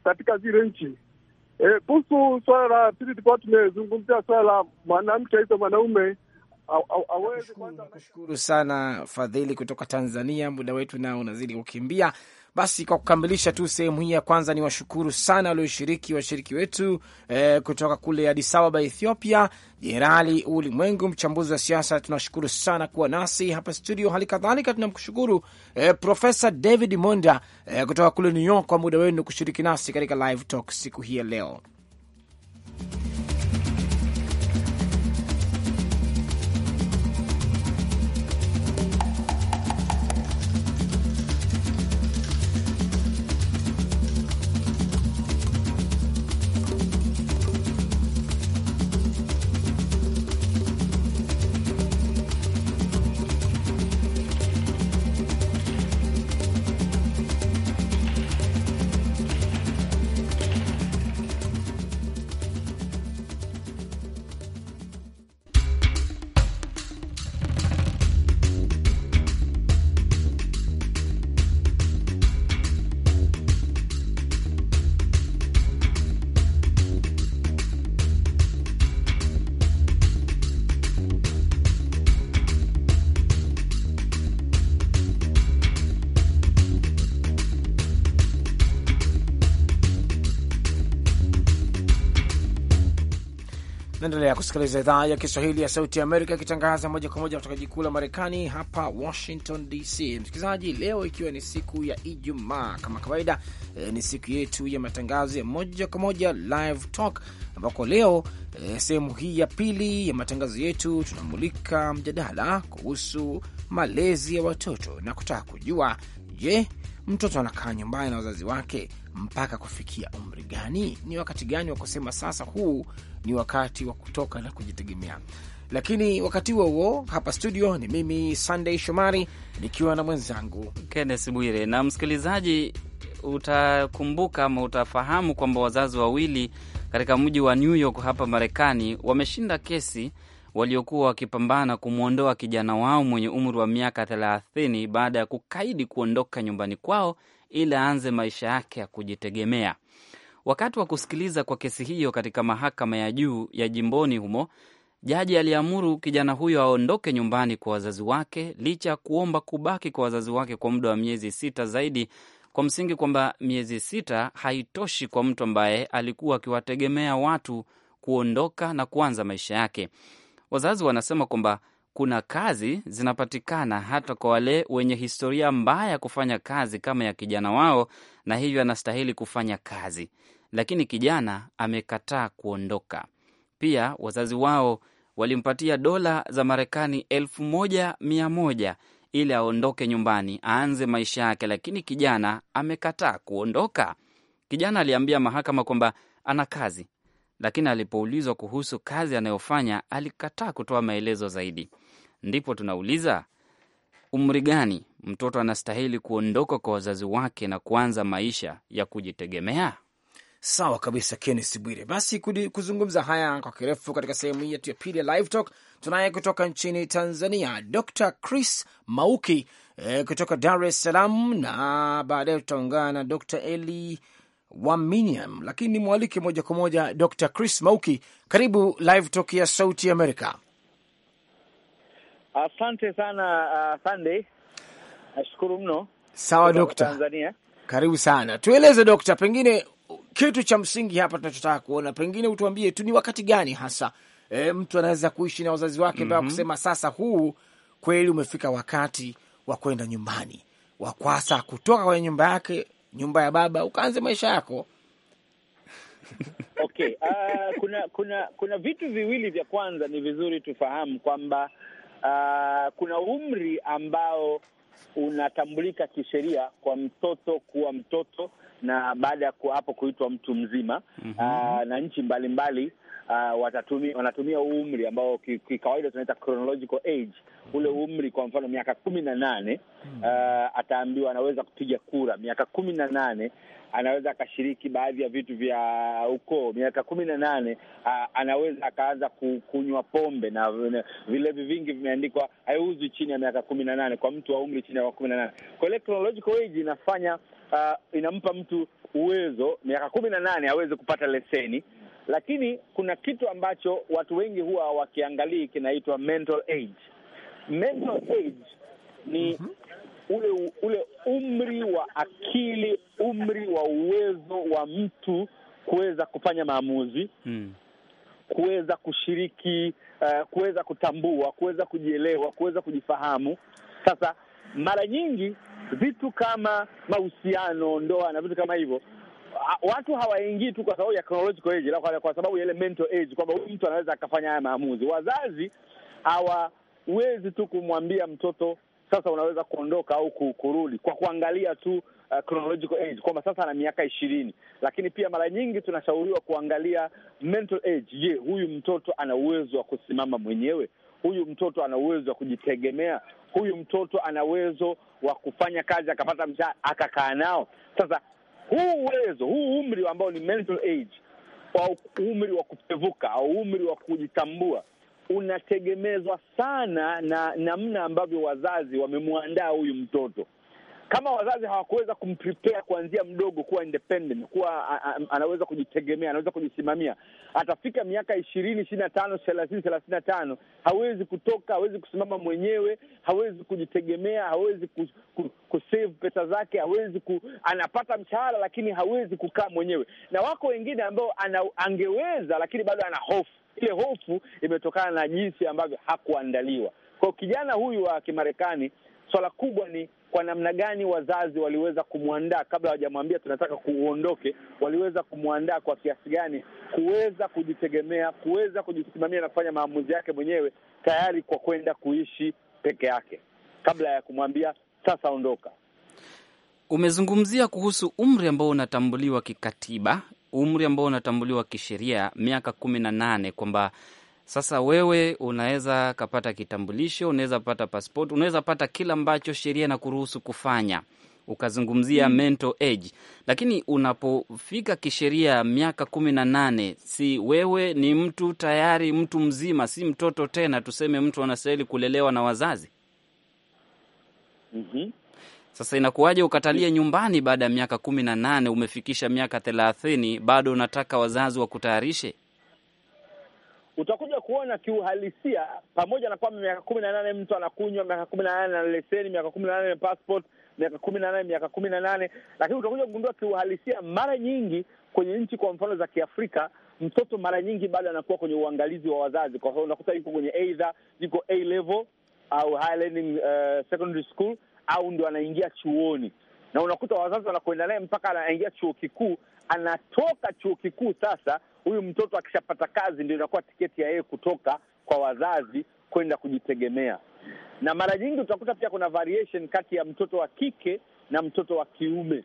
katika zile nchi eh, kuhusu e, swala la pili tulikuwa tumezungumzia swala la mwanamke aiza mwanaume Nakushukuru sana Fadhili kutoka Tanzania. Muda wetu nao unazidi kukimbia. Basi kwa kukamilisha tu sehemu hii ya kwanza, ni washukuru sana walioshiriki, washiriki wetu eh, kutoka kule Addis Ababa, Ethiopia, Jenerali Ulimwengu, mchambuzi wa siasa. Tunashukuru sana kuwa nasi hapa studio. Hali kadhalika tunamshukuru eh, Profesa David Monda eh, kutoka kule New York kwa muda wenu kushiriki nasi katika Live Talk siku hii ya leo. Naendelea kusikiliza idhaa ya Kiswahili ya Sauti ya Amerika ikitangaza moja kwa moja kutoka jikuu la Marekani hapa Washington DC. Msikilizaji, leo ikiwa ni siku ya Ijumaa kama kawaida, e, ni siku yetu ya matangazo ya moja kwa moja Live Talk, ambako leo e, sehemu hii ya pili ya matangazo yetu tunamulika mjadala kuhusu malezi ya watoto na kutaka kujua je, mtoto anakaa nyumbani na wazazi wake mpaka kufikia umri gani? Ni wakati gani wa kusema sasa huu ni wakati wa kutoka na kujitegemea? Lakini wakati huo huo, hapa studio ni mimi Sunday Shomari nikiwa na mwenzangu Kenneth Bwire. Na msikilizaji, utakumbuka ama utafahamu kwamba wazazi wawili katika mji wa New York hapa Marekani wameshinda kesi waliokuwa wakipambana kumwondoa kijana wao mwenye umri wa miaka thelathini baada ya kukaidi kuondoka nyumbani kwao ili aanze maisha yake ya kujitegemea. Wakati wa kusikiliza kwa kesi hiyo katika mahakama ya juu ya jimboni humo, jaji aliamuru kijana huyo aondoke nyumbani kwa wazazi wake licha ya kuomba kubaki kwa wazazi wake kwa muda wa miezi sita zaidi, kwa msingi kwamba miezi sita haitoshi kwa mtu ambaye alikuwa akiwategemea watu kuondoka na kuanza maisha yake. Wazazi wanasema kwamba kuna kazi zinapatikana hata kwa wale wenye historia mbaya kufanya kazi kama ya kijana wao, na hivyo anastahili kufanya kazi, lakini kijana amekataa kuondoka. Pia wazazi wao walimpatia dola za Marekani elfu moja mia moja ili aondoke nyumbani aanze maisha yake, lakini kijana amekataa kuondoka. Kijana aliambia mahakama kwamba ana kazi lakini alipoulizwa kuhusu kazi anayofanya alikataa kutoa maelezo zaidi. Ndipo tunauliza umri gani mtoto anastahili kuondoka kwa wazazi wake na kuanza maisha ya kujitegemea? Sawa kabisa, Kennes Bwire. Basi kuzungumza haya kwa kirefu katika sehemu hii yetu ya pili ya Live Talk tunaye kutoka nchini Tanzania, Dr Chris Mauki eh, kutoka Dar es Salaam, na baadaye tutaungana na Dr Eli wa Minium, lakini nimwalike moja kwa moja Dr. Chris Mauki, karibu Live Talk ya Sauti Amerika. Asante sana uh, Sunday, nashukuru mno. Sawa dokta, karibu sana. Tueleze dokta, pengine kitu cha msingi hapa tunachotaka kuona, pengine utuambie tu ni wakati gani hasa e, mtu anaweza kuishi na wazazi wake bila mm -hmm. kusema sasa huu kweli umefika wakati wa kwenda nyumbani, wakwasa kutoka kwenye nyumba yake nyumba ya baba, ukaanze maisha yako. Okay, uh, kuna kuna kuna vitu viwili vya kwanza ni vizuri tufahamu kwamba uh, kuna umri ambao unatambulika kisheria kwa mtoto kuwa mtoto na baada ya hapo kuitwa mtu mzima. mm -hmm. Uh, na nchi mbalimbali uh, ah, watatumia, wanatumia umri ambao kikawaida tunaita chronological age, ule umri, kwa mfano miaka kumi na nane uh, ataambiwa anaweza kupiga kura. Miaka kumi na nane anaweza akashiriki baadhi ya vitu vya ukoo. Miaka kumi na nane ah, anaweza akaanza kunywa pombe na vilevi vingi vimeandikwa haiuzwi chini ya miaka kumi na nane kwa mtu wa umri chini ya kumi na nane Kwa chronological age inafanya uh, inampa mtu uwezo miaka kumi na nane aweze kupata leseni lakini kuna kitu ambacho watu wengi huwa wakiangalii kinaitwa mental age. Mental age ni mhm. ule ule umri wa akili, umri wa uwezo wa mtu kuweza kufanya maamuzi hmm kuweza kushiriki uh, kuweza kutambua, kuweza kujielewa, kuweza kujifahamu. Sasa mara nyingi vitu kama mahusiano, ndoa na vitu kama hivyo watu hawaingii tu kwa sababu ya chronological age, kwa, kwa sababu ya ile mental age, kwamba huyu mtu anaweza akafanya haya maamuzi. Wazazi hawawezi tu kumwambia mtoto sasa unaweza kuondoka au kurudi kwa kuangalia tu uh, chronological age kwamba sasa ana miaka ishirini, lakini pia mara nyingi tunashauriwa kuangalia mental age. Je, huyu mtoto ana uwezo wa kusimama mwenyewe? Huyu mtoto ana uwezo wa kujitegemea? Huyu mtoto ana uwezo wa kufanya kazi akapata mshahara akakaa nao? Sasa huu uwezo, huu umri ambao ni mental age, au umri wa kupevuka au umri wa kujitambua unategemezwa sana na namna ambavyo wazazi wamemwandaa huyu mtoto kama wazazi hawakuweza kumprepare kuanzia mdogo kuwa independent, kuwa anaweza kujitegemea, anaweza kujisimamia, atafika miaka ishirini, ishirini na tano, thelathini, thelathini na tano, hawezi kutoka, hawezi kusimama mwenyewe, hawezi kujitegemea, hawezi ku, ku, kusave pesa zake, hawezi ku, anapata mshahara lakini hawezi kukaa mwenyewe, na wako wengine ambao ana, angeweza lakini bado ana hofu. Ile hofu imetokana na jinsi ambavyo hakuandaliwa. Kwa kijana huyu wa Kimarekani, swala kubwa ni kwa namna gani wazazi waliweza kumwandaa kabla hawajamwambia tunataka kuuondoke, waliweza kumwandaa kwa kiasi gani kuweza kujitegemea, kuweza kujisimamia na kufanya maamuzi yake mwenyewe, tayari kwa kwenda kuishi peke yake, kabla ya kumwambia sasa ondoka. Umezungumzia kuhusu umri ambao unatambuliwa kikatiba, umri ambao unatambuliwa kisheria, miaka kumi na nane, kwamba sasa wewe unaweza kapata kitambulisho, unaweza pata passport, unaweza pata kila ambacho sheria na kuruhusu kufanya ukazungumzia mm, mental age, lakini unapofika kisheria miaka kumi na nane, si wewe ni mtu tayari, mtu mzima, si mtoto tena. Tuseme mtu anastahili kulelewa na wazazi mm -hmm. Sasa inakuwaje ukatalie nyumbani baada ya miaka kumi na nane? Umefikisha miaka thelathini, bado unataka wazazi wakutayarishe? utakuja kuona kiuhalisia, pamoja na kwamba miaka kumi na nane mtu anakunywa, miaka kumi na nane na leseni, miaka kumi na nane na passport, miaka kumi na nane miaka kumi na nane lakini utakuja kugundua kiuhalisia, mara nyingi kwenye nchi kwa mfano za Kiafrika, mtoto mara nyingi bado anakuwa kwenye uangalizi wa wazazi, kwa sababu unakuta yuko kwenye aidha yuko A level au higher learning uh, secondary school au ndio anaingia chuoni, na unakuta wazazi wanakwenda naye mpaka anaingia chuo kikuu. Anatoka chuo kikuu sasa huyu mtoto akishapata kazi ndio inakuwa tiketi ya yeye kutoka kwa wazazi kwenda kujitegemea. Na mara nyingi utakuta pia kuna variation kati ya mtoto wa kike na mtoto wa kiume.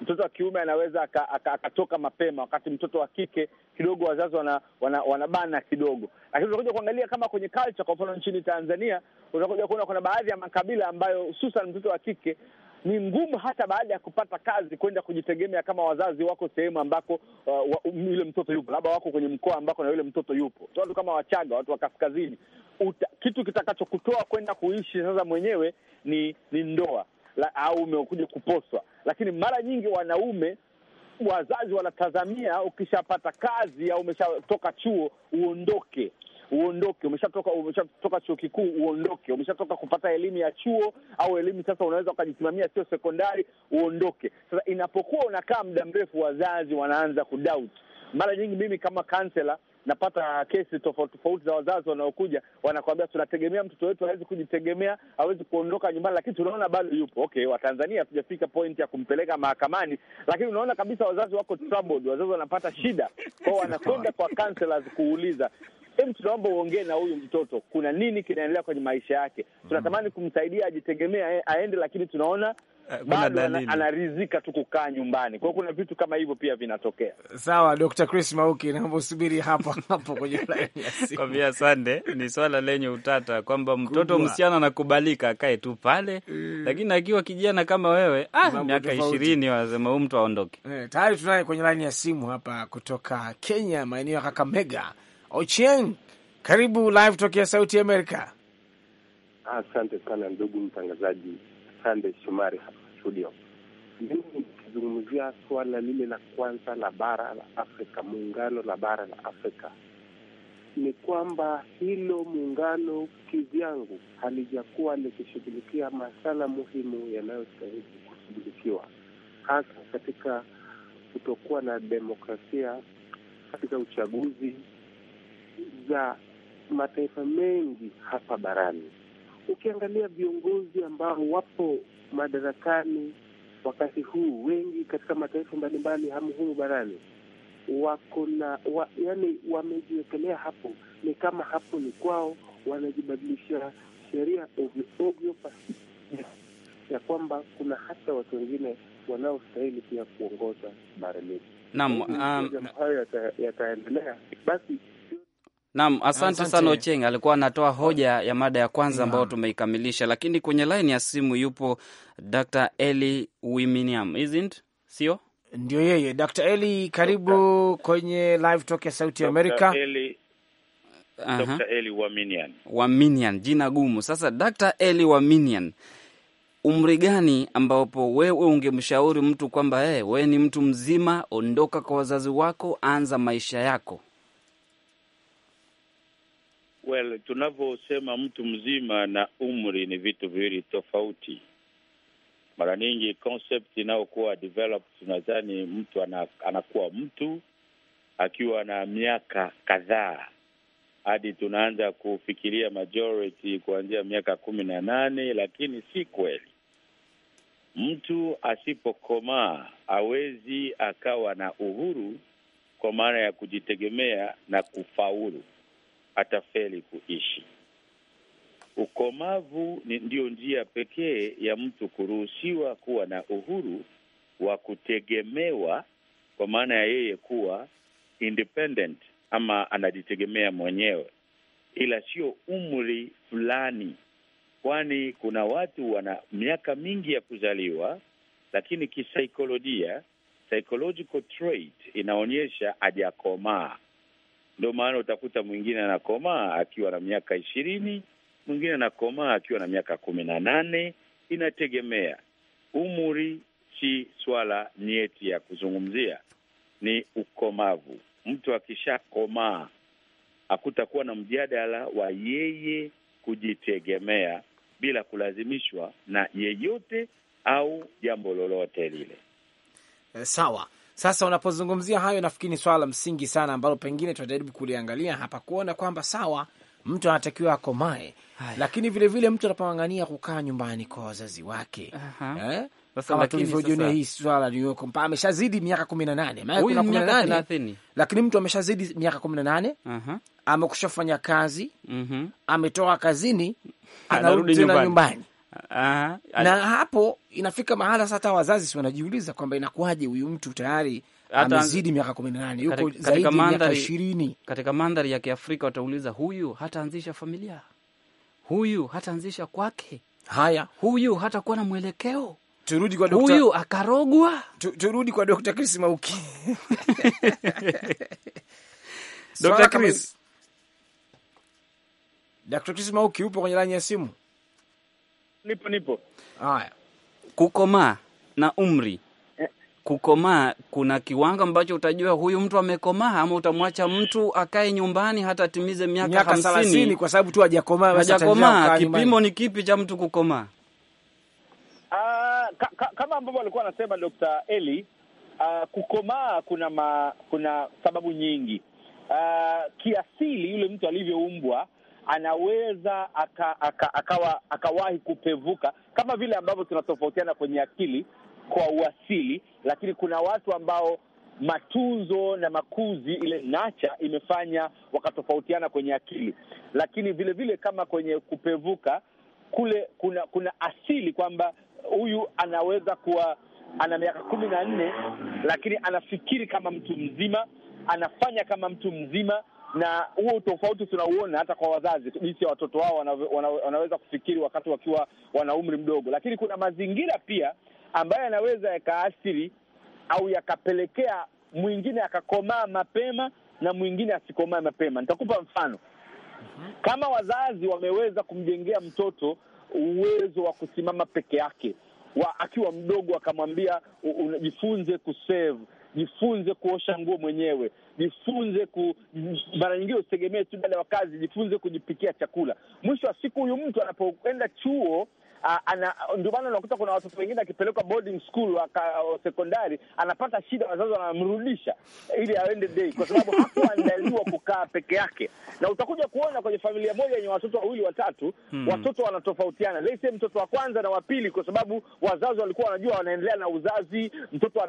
Mtoto wa kiume anaweza akatoka aka, aka mapema, wakati mtoto wa kike kidogo wazazi wanabana wana, wana kidogo. Lakini utakuja kuangalia kama kwenye culture, kwa mfano nchini Tanzania, utakuja kuona kuna baadhi ya makabila ambayo hususan mtoto wa kike ni ngumu hata baada ya kupata kazi kwenda kujitegemea kama wazazi wako sehemu ambako uh, um, yule mtoto yupo, labda wako kwenye mkoa ambako na yule mtoto yupo. Watu kama Wachaga, watu wa kaskazini, kitu kitakachokutoa kwenda kuishi sasa mwenyewe ni ni ndoa la, au umekuja kuposwa. Lakini mara nyingi wanaume wazazi wanatazamia ukishapata kazi au umeshatoka chuo uondoke, uondoke, umeshatoka umeshatoka chuo kikuu uondoke, umeshatoka kupata elimu ya chuo au elimu sasa unaweza ukajisimamia, sio sekondari, uondoke. Sasa inapokuwa unakaa muda mrefu, wazazi wanaanza kudoubt. Mara nyingi mimi kama kansela napata kesi tofauti tofauti za wazazi wanaokuja wanakwambia, tunategemea mtoto wetu hawezi kujitegemea, hawezi kuondoka nyumbani, lakini tunaona bado yupo. Okay, Watanzania hatujafika point ya kumpeleka mahakamani, lakini unaona kabisa wazazi wako troubled, wazazi wanapata shida kwao, wanakwenda kwa counselors kuuliza hem tunaomba uongee na huyu mtoto, kuna nini kinaendelea kwenye maisha yake? Tunatamani kumsaidia ajitegemea, aende, lakini tunaona eh, bado anarizika tu kukaa nyumbani. Kwa hiyo kuna vitu kama hivyo pia vinatokea. Sawa, Dr. Chris Mauki, naomba usubiri hapo hapo kwenye laini ya simu. asante, ni swala lenye utata kwamba mtoto msichana anakubalika akae tu pale mm, lakini akiwa kijana kama wewe ah, miaka ishirini wanasema huyu mtu aondoke. Eh, tayari tunaye kwenye laini ya simu hapa kutoka Kenya, maeneo ya Kakamega Ochieng, karibu live tokea Sauti ya Amerika. Asante sana ndugu mtangazaji Sande shumari hapa studio. Mimi nikizungumzia suala lile la kwanza la bara la Afrika, muungano la bara la Afrika, ni kwamba hilo muungano kivyangu halijakuwa likishughulikia masala muhimu yanayostahili kushughulikiwa, hasa katika kutokuwa na demokrasia katika uchaguzi za mataifa mengi hapa barani. Ukiangalia viongozi ambao wapo madarakani wakati huu, wengi katika mataifa mbalimbali hamu humu barani wako na wa, yani wamejiwekelea hapo, ni kama hapo ni kwao, wanajibadilisha sheria ovyo ovyo ya kwamba kuna hata watu wengine wanaostahili pia kuongoza bara letu. Naam, um, hayo yataendelea basi Naam, asante sana Ocheng, alikuwa anatoa hoja ya mada ya kwanza ambayo tumeikamilisha, lakini kwenye laini ya simu yupo Dr. Eli Wiminiam, isn't sio? Ndio yeye Dr. Eli, karibu Dr. kwenye live talk ya Sauti ya Amerika. Dr. Eli Waminian. Waminian, jina gumu. Sasa Dr. Eli Waminian, umri gani ambapo wewe ungemshauri mtu kwamba hey, eh, wewe ni mtu mzima, ondoka kwa wazazi wako, anza maisha yako? Well, tunavyosema mtu mzima na umri ni vitu viwili tofauti. Mara nyingi concept inayokuwa developed, tunadhani mtu anakuwa mtu akiwa na miaka kadhaa hadi tunaanza kufikiria majority kuanzia miaka kumi na nane, lakini si kweli. Mtu asipokomaa hawezi akawa na uhuru kwa maana ya kujitegemea na kufaulu atafeli kuishi. Ukomavu ni ndiyo njia pekee ya mtu kuruhusiwa kuwa na uhuru wa kutegemewa, kwa maana ya yeye kuwa independent ama anajitegemea mwenyewe, ila sio umri fulani, kwani kuna watu wana miaka mingi ya kuzaliwa, lakini kisaikolojia, psychological trait inaonyesha hajakomaa ndio maana utakuta mwingine anakomaa akiwa na miaka ishirini, mwingine anakomaa akiwa na miaka kumi na nane. Inategemea umri, si swala nyeti ya kuzungumzia, ni ukomavu. Mtu akishakomaa hakutakuwa na mjadala wa yeye kujitegemea bila kulazimishwa na yeyote au jambo lolote lile. Eh, sawa. Sasa unapozungumzia hayo, nafikiri ni swala la msingi sana ambalo pengine tunajaribu kuliangalia hapa, kuona kwamba sawa, mtu anatakiwa akomae, lakini vilevile vile mtu anapang'ang'ania kukaa nyumbani kwa wazazi wake eh? Kama tulivyojionea hii swala lioko mpaka ameshazidi miaka kumi na nane nane, lakini mtu ameshazidi miaka kumi na nane amekusha fanya kazi, mhm. ametoka kazini, anarudi tena nyumbani Aha, na hapo inafika mahala sasa wazazi si wanajiuliza kwamba inakuwaje huyu mtu tayari amezidi miaka kumi na nane yuko zaidi ya miaka ishirini katika mandhari ya Kiafrika. Watauliza, huyu hataanzisha familia, huyu hataanzisha kwake haya, huyu hatakuwa na mwelekeo Turudi kwa dokta... huyu akarogwa. Turudi kwa Dr. Chris Mauki. Dr. Chris Mauki, upo kwenye laini ya simu? nipo nipo. Haya, kukomaa na umri eh. kukomaa kuna kiwango ambacho utajua huyu mtu amekomaa, ama utamwacha mtu akae nyumbani hata atimize miaka hamsini kwa sababu tu hajakomaa. Hajakomaa, kipimo ni kipi cha mtu kukomaa? Uh, ka, ka, kama ambavyo alikuwa anasema Dr. Eli uh, kukomaa kuna ma, kuna sababu nyingi uh, kiasili yule mtu alivyoumbwa anaweza aka, akawa akawahi kupevuka kama vile ambavyo tunatofautiana kwenye akili kwa uasili, lakini kuna watu ambao matunzo na makuzi, ile nacha imefanya wakatofautiana kwenye akili, lakini vile vile kama kwenye kupevuka kule kuna kuna asili kwamba huyu anaweza kuwa ana miaka kumi na nne lakini anafikiri kama mtu mzima, anafanya kama mtu mzima na huo tofauti tunauona hata kwa wazazi, jinsi ya watoto wao wana, wana, wanaweza kufikiri wakati wakiwa wana umri mdogo, lakini kuna mazingira pia ambayo yanaweza yakaathiri au yakapelekea mwingine akakomaa mapema na mwingine asikomaa mapema. Nitakupa mfano. Kama wazazi wameweza kumjengea mtoto uwezo wa kusimama peke yake wa, akiwa mdogo akamwambia unajifunze kusevu jifunze kuosha nguo mwenyewe, jifunze ku, mara nyingine usitegemee tu dada wa kazi, jifunze kujipikia chakula. Mwisho wa siku, huyu mtu anapoenda chuo ndio maana unakuta kuna watoto wengine akipelekwa boarding school sekondari, anapata shida, wazazi wanamrudisha ili aende day, kwa sababu hakuandaliwa kukaa peke yake. Na utakuja kuona kwenye familia moja yenye watoto wawili watatu, hmm, watoto wanatofautiana, lese mtoto wa kwanza na wa pili, kwa sababu wazazi walikuwa wanajua wanaendelea na uzazi, mtoto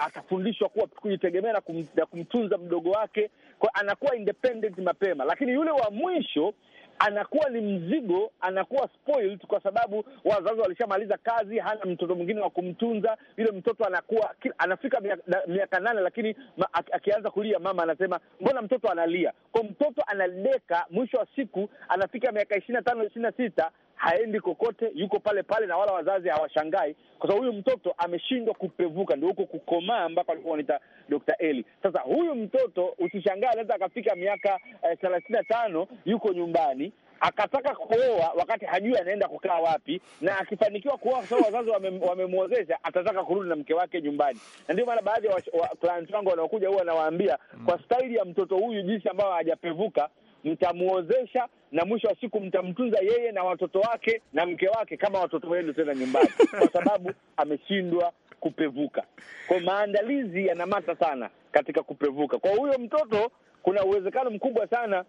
atafundishwa kuwa kujitegemea na, kum, na kumtunza mdogo wake, kwa anakuwa independent mapema, lakini yule wa mwisho anakuwa ni mzigo, anakuwa spoiled kwa sababu wazazi walishamaliza kazi, hana mtoto mwingine wa kumtunza. Yule mtoto anakuwa anafika miaka nane, lakini ma, akianza kulia mama anasema mbona mtoto analia? Kwa mtoto anadeka, mwisho wa siku anafika miaka ishirini na tano, ishirini na sita haendi kokote, yuko pale pale, na wala wazazi hawashangai, kwa sababu huyu mtoto ameshindwa kupevuka, ndio huko kukomaa ambako alikuwa anaita Dr. Eli. Sasa huyu mtoto usishangaa, anaweza akafika miaka eh, thelathini eh, na tano, yuko nyumbani akataka kuoa wakati hajui anaenda kukaa wapi, na akifanikiwa kuoa kwa sababu wazazi wamemwozesha, wame atataka kurudi na mke wake nyumbani. Na ndio maana baadhi ya wa, wa, clients wangu wanaokuja huwa anawaambia kwa staili ya mtoto huyu jinsi ambayo hajapevuka mtamwozesha na mwisho wa siku mtamtunza yeye na watoto wake na mke wake kama watoto wenu tena nyumbani, kwa sababu ameshindwa kupevuka. Kwa maandalizi yanamata sana katika kupevuka kwa huyo mtoto. Kuna uwezekano mkubwa sana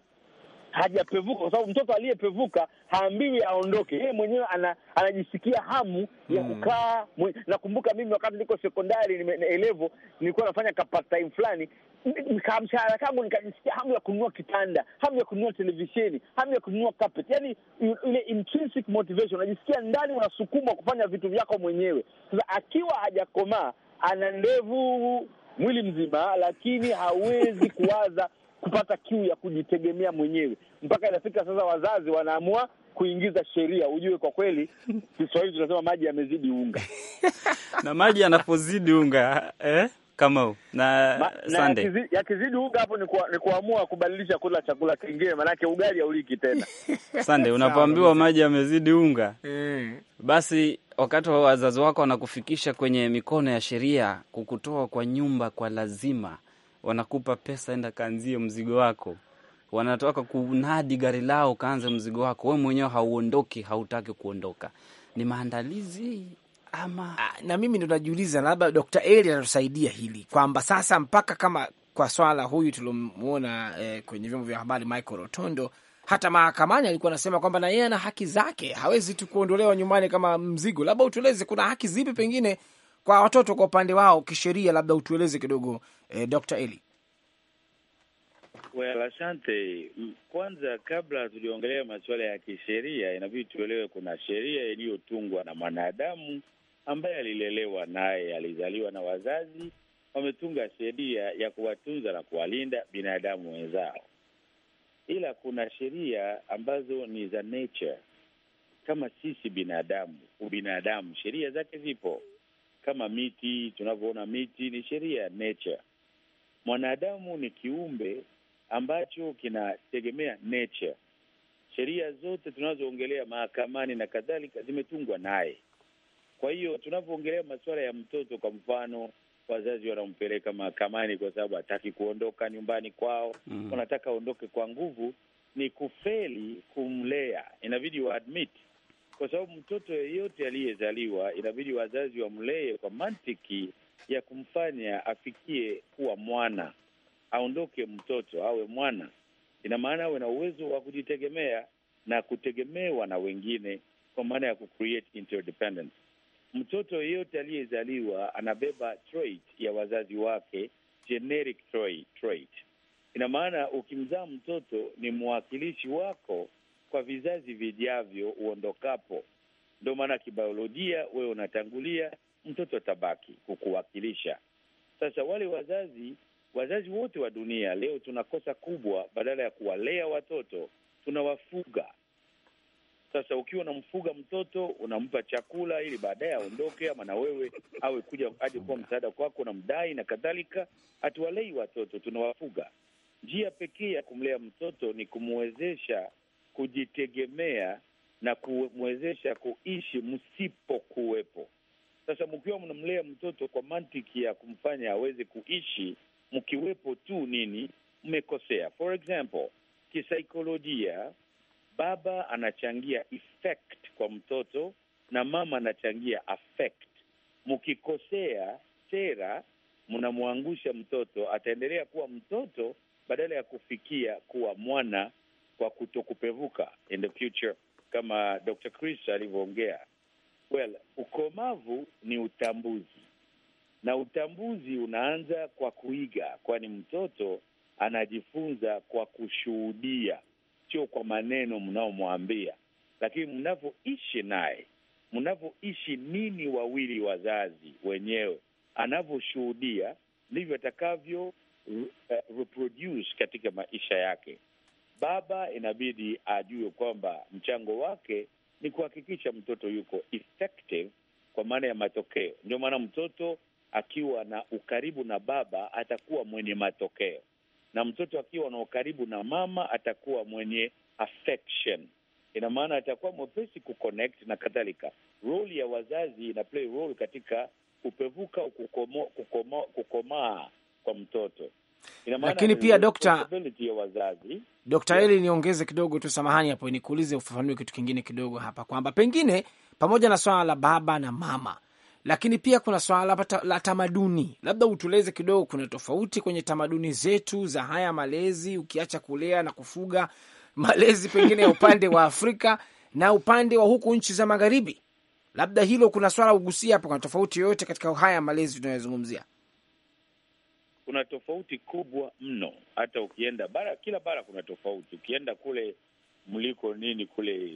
hajapevuka kwa sababu mtoto aliyepevuka haambiwi aondoke, yeye mwenyewe ana, anajisikia hamu ya hmm. kukaa. Nakumbuka mimi wakati niko sekondari elevo, nilikuwa nafanya kapastime fulani, mshahara kangu, nikajisikia hamu ya kununua kitanda, hamu ya kununua televisheni, hamu ya kununua carpet. Yani ile intrinsic motivation, unajisikia ndani unasukumwa kufanya vitu vyako mwenyewe. Sasa akiwa hajakomaa, ana ndevu mwili mzima, lakini hawezi kuwaza kupata kiu ya kujitegemea mwenyewe, mpaka inafika sasa wazazi wanaamua kuingiza sheria. Ujue kwa kweli Kiswahili tunasema maji yamezidi unga na maji yanapozidi unga eh? Kamau na, Ma, yakizidi, unga hapo ni kuamua kubadilisha kula chakula kingine, maanake ugali hauliki tena. Sande, unapoambiwa maji yamezidi unga eh. Basi wakati wa wazazi wako wanakufikisha kwenye mikono ya sheria, kukutoa kwa nyumba kwa lazima, wanakupa pesa, enda kaanzie mzigo wako, wanatoka kunadi gari lao, kaanze mzigo wako, we mwenyewe hauondoki, hautaki kuondoka, ni maandalizi ama... Ah, na mimi ndo najiuliza, labda Dr. Eli atatusaidia hili kwamba sasa mpaka kama kwa swala huyu tuliomwona eh, kwenye vyombo vya habari Michael Rotondo hata mahakamani alikuwa anasema kwamba na yeye ana haki zake, hawezi tu kuondolewa nyumbani kama mzigo. Labda utueleze kuna haki zipi pengine kwa watoto kwa upande wao kisheria, labda utueleze kidogo eh, Dr. Eli. Well, asante. Kwanza, kabla tuliongelea masuala ya kisheria, inabidi tuelewe kuna sheria iliyotungwa na mwanadamu ambaye alilelewa naye, alizaliwa na wazazi, wametunga sheria ya kuwatunza na kuwalinda binadamu wenzao, ila kuna sheria ambazo ni za nature kama sisi binadamu, ubinadamu sheria zake zipo. Kama miti, tunavyoona miti ni sheria ya nature. Mwanadamu ni kiumbe ambacho kinategemea nature. Sheria zote tunazoongelea mahakamani na kadhalika zimetungwa naye. Kwa hiyo tunavyoongelea masuala ya mtoto, kwa mfano, wazazi wanampeleka mahakamani kwa sababu hataki kuondoka nyumbani kwao, mm. wanataka aondoke kwa nguvu, ni kufeli kumlea. Inabidi waadmit, kwa sababu mtoto yeyote aliyezaliwa inabidi wazazi wamlee kwa mantiki ya kumfanya afikie kuwa mwana, aondoke mtoto, awe mwana. Ina maana awe na uwezo wa kujitegemea na kutegemewa na wengine, kwa maana ya kucreate interdependence mtoto yeyote aliyezaliwa anabeba trait ya wazazi wake, generic trait. Ina maana ukimzaa mtoto ni mwakilishi wako kwa vizazi vijavyo uondokapo. ndio maana kibiolojia wewe unatangulia, mtoto atabaki kukuwakilisha. Sasa wale wazazi, wazazi wote wa dunia leo, tuna kosa kubwa. Badala ya kuwalea watoto, tunawafuga sasa ukiwa unamfuga mtoto unampa chakula ili baadaye aondoke, ama na wewe awe kuja aje kuwa msaada kwako, unamdai na kadhalika. Hatuwalei watoto, tunawafuga. Njia pekee ya kumlea mtoto ni kumwezesha kujitegemea na kumwezesha kuishi msipokuwepo. Sasa mkiwa mnamlea mtoto kwa mantiki ya kumfanya aweze kuishi mkiwepo tu, nini mmekosea? For example, kisaikolojia baba anachangia effect kwa mtoto na mama anachangia affect. Mkikosea sera, mnamwangusha mtoto, ataendelea kuwa mtoto badala ya kufikia kuwa mwana kwa kutokupevuka in the future, kama Dr. Chris alivyoongea. Well, ukomavu ni utambuzi, na utambuzi unaanza kwa kuiga, kwani mtoto anajifunza kwa kushuhudia sio kwa maneno mnaomwambia, lakini mnavyoishi naye, mnavyoishi nini wawili wazazi wenyewe, anavyoshuhudia ndivyo atakavyo eh, reproduce katika maisha yake. Baba inabidi ajue kwamba mchango wake ni kuhakikisha mtoto yuko effective kwa maana ya matokeo. Ndio maana mtoto akiwa na ukaribu na baba atakuwa mwenye matokeo na mtoto akiwa na ukaribu na mama atakuwa mwenye affection, ina maana atakuwa mwepesi kuconnect na kadhalika. Role ya wazazi ina play role katika kupevuka au kukomaa kukoma, kukoma kwa mtoto lakini pia dokta dokta Eli, niongeze kidogo tu, samahani hapo, nikuulize ufafanue kitu kingine kidogo hapa, kwamba pengine pamoja na swala la baba na mama, lakini pia kuna swala la tamaduni. Labda utueleze kidogo, kuna tofauti kwenye tamaduni zetu za haya malezi, ukiacha kulea na kufuga, malezi pengine ya upande wa Afrika na upande wa huku nchi za Magharibi. Labda hilo kuna swala ugusia hapo, kuna tofauti yoyote katika haya malezi tunayozungumzia? Kuna tofauti kubwa mno, hata ukienda bara, kila bara kuna tofauti. Ukienda kule mliko nini kule,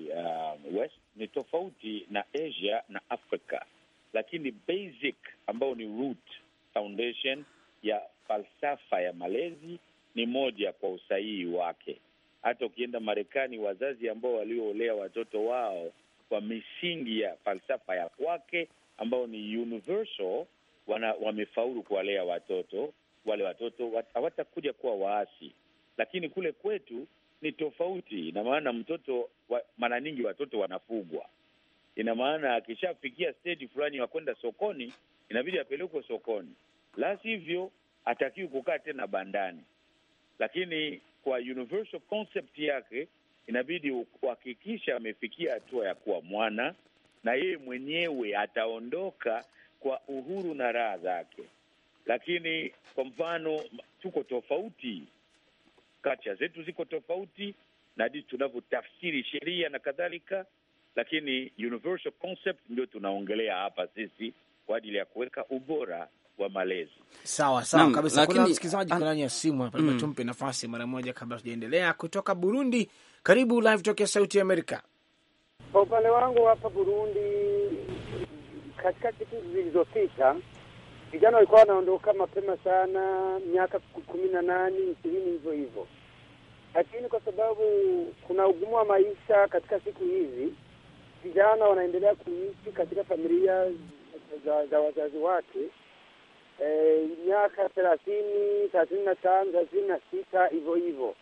uh, west ni tofauti na Asia na Afrika lakini basic ambayo ni root foundation ya falsafa ya malezi ni moja kwa usahihi wake. Hata ukienda Marekani, wazazi ambao walioolea watoto wao kwa misingi ya falsafa ya kwake ambao ni universal, wana wamefaulu kuwalea watoto wale. Watoto hawatakuja kuwa waasi, lakini kule kwetu ni tofauti. Ina maana mtoto wa, mara nyingi watoto wanafugwa ina maana akishafikia stage fulani ya kwenda sokoni, inabidi apelekwe sokoni, la sivyo hatakiwi kukaa tena bandani. Lakini kwa universal concept yake inabidi kuhakikisha amefikia hatua ya kuwa mwana na yeye mwenyewe ataondoka kwa uhuru na raha zake. Lakini kwa mfano, tuko tofauti, kacha zetu ziko tofauti na jinsi tunavyotafsiri sheria na kadhalika lakini universal concept ndio tunaongelea hapa sisi kwa ajili ya kuweka ubora wa malezi. Sawa sawa kabisa. Lakini kuna msikilizaji ah. ndani ya simu hapa, mm, tumpe nafasi mara moja kabla tujaendelea. Kutoka Burundi, karibu live tokea Sauti ya Amerika. Kwa upande wangu hapa Burundi, katika siku zilizopita vijana walikuwa wanaondoka mapema sana, miaka kumi na nane ishirini hivyo hivyo, lakini kwa sababu kuna ugumu wa maisha katika siku hizi vijana wanaendelea kuishi katika familia za, za wazazi wake e, miaka thelathini thelathini na tano thelathini na sita hivyo hivyo.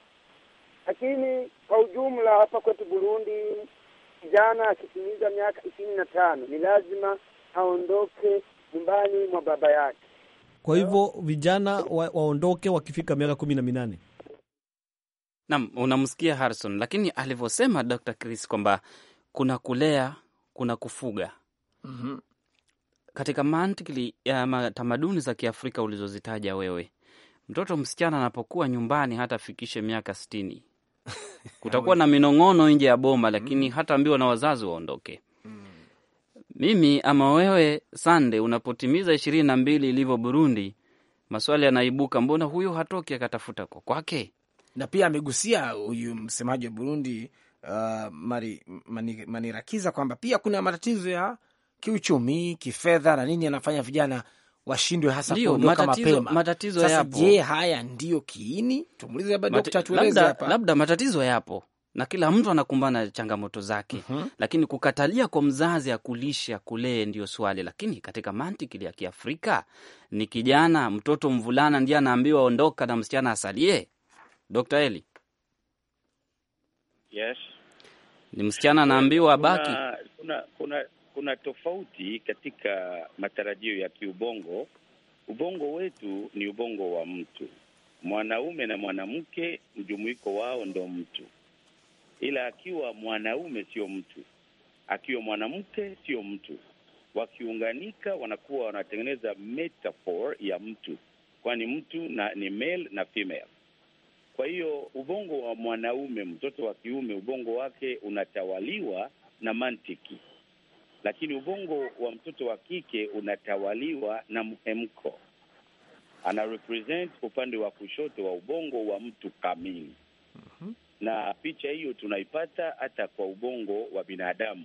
Lakini kwa ujumla hapa kwetu Burundi, kijana akitimiza miaka ishirini na tano ni lazima aondoke nyumbani mwa baba yake. Kwa hivyo vijana wa, waondoke wakifika miaka kumi na minane. Naam, unamsikia Harrison, lakini alivyosema Dr. Chris kwamba kuna kulea, kuna kufuga mm -hmm. Katika mantikli ya tamaduni za Kiafrika ulizozitaja wewe, mtoto msichana anapokuwa nyumbani hata afikishe miaka sitini kutakuwa na minong'ono nje ya boma, lakini mm -hmm. ambiwa na wazazi waondoke mhm. Mimi ama wewe Sande, unapotimiza ishirini na mbili ilivyo Burundi, maswali yanaibuka, mbona huyo hatoki akatafuta kwa kwake? Na pia amegusia huyu msemaji wa Burundi Uh, mani, manirakiza kwamba pia kuna matatizo ya kiuchumi, kifedha na nini yanafanya vijana washindwe hasa kuondoka mapema. Matatizo yapo. Je, haya ndiyo kiini? Tumulize labda tueleze hapa. Labda matatizo yapo na kila mtu anakumbana na changamoto zake mm -hmm. Lakini kukatalia kwa mzazi akulisha kulee ndio swali, lakini katika mantiki ya Kiafrika ni kijana mtoto mvulana ndiye anaambiwa ondoka na msichana asalie. Dkt Eli Yes, ni msichana anaambiwa baki. Kuna, kuna kuna kuna tofauti katika matarajio ya kiubongo. Ubongo wetu ni ubongo wa mtu, mwanaume na mwanamke mjumuiko wao ndo mtu, ila akiwa mwanaume sio mtu, akiwa mwanamke sio mtu. Wakiunganika wanakuwa wanatengeneza metaphor ya mtu, kwani mtu na ni male na female kwa hiyo ubongo wa mwanaume, mtoto wa kiume, ubongo wake unatawaliwa na mantiki, lakini ubongo wa mtoto wa kike unatawaliwa na mhemko. Ana represent upande wa kushoto wa ubongo wa mtu kamili. mm -hmm. Na picha hiyo tunaipata hata kwa ubongo wa binadamu.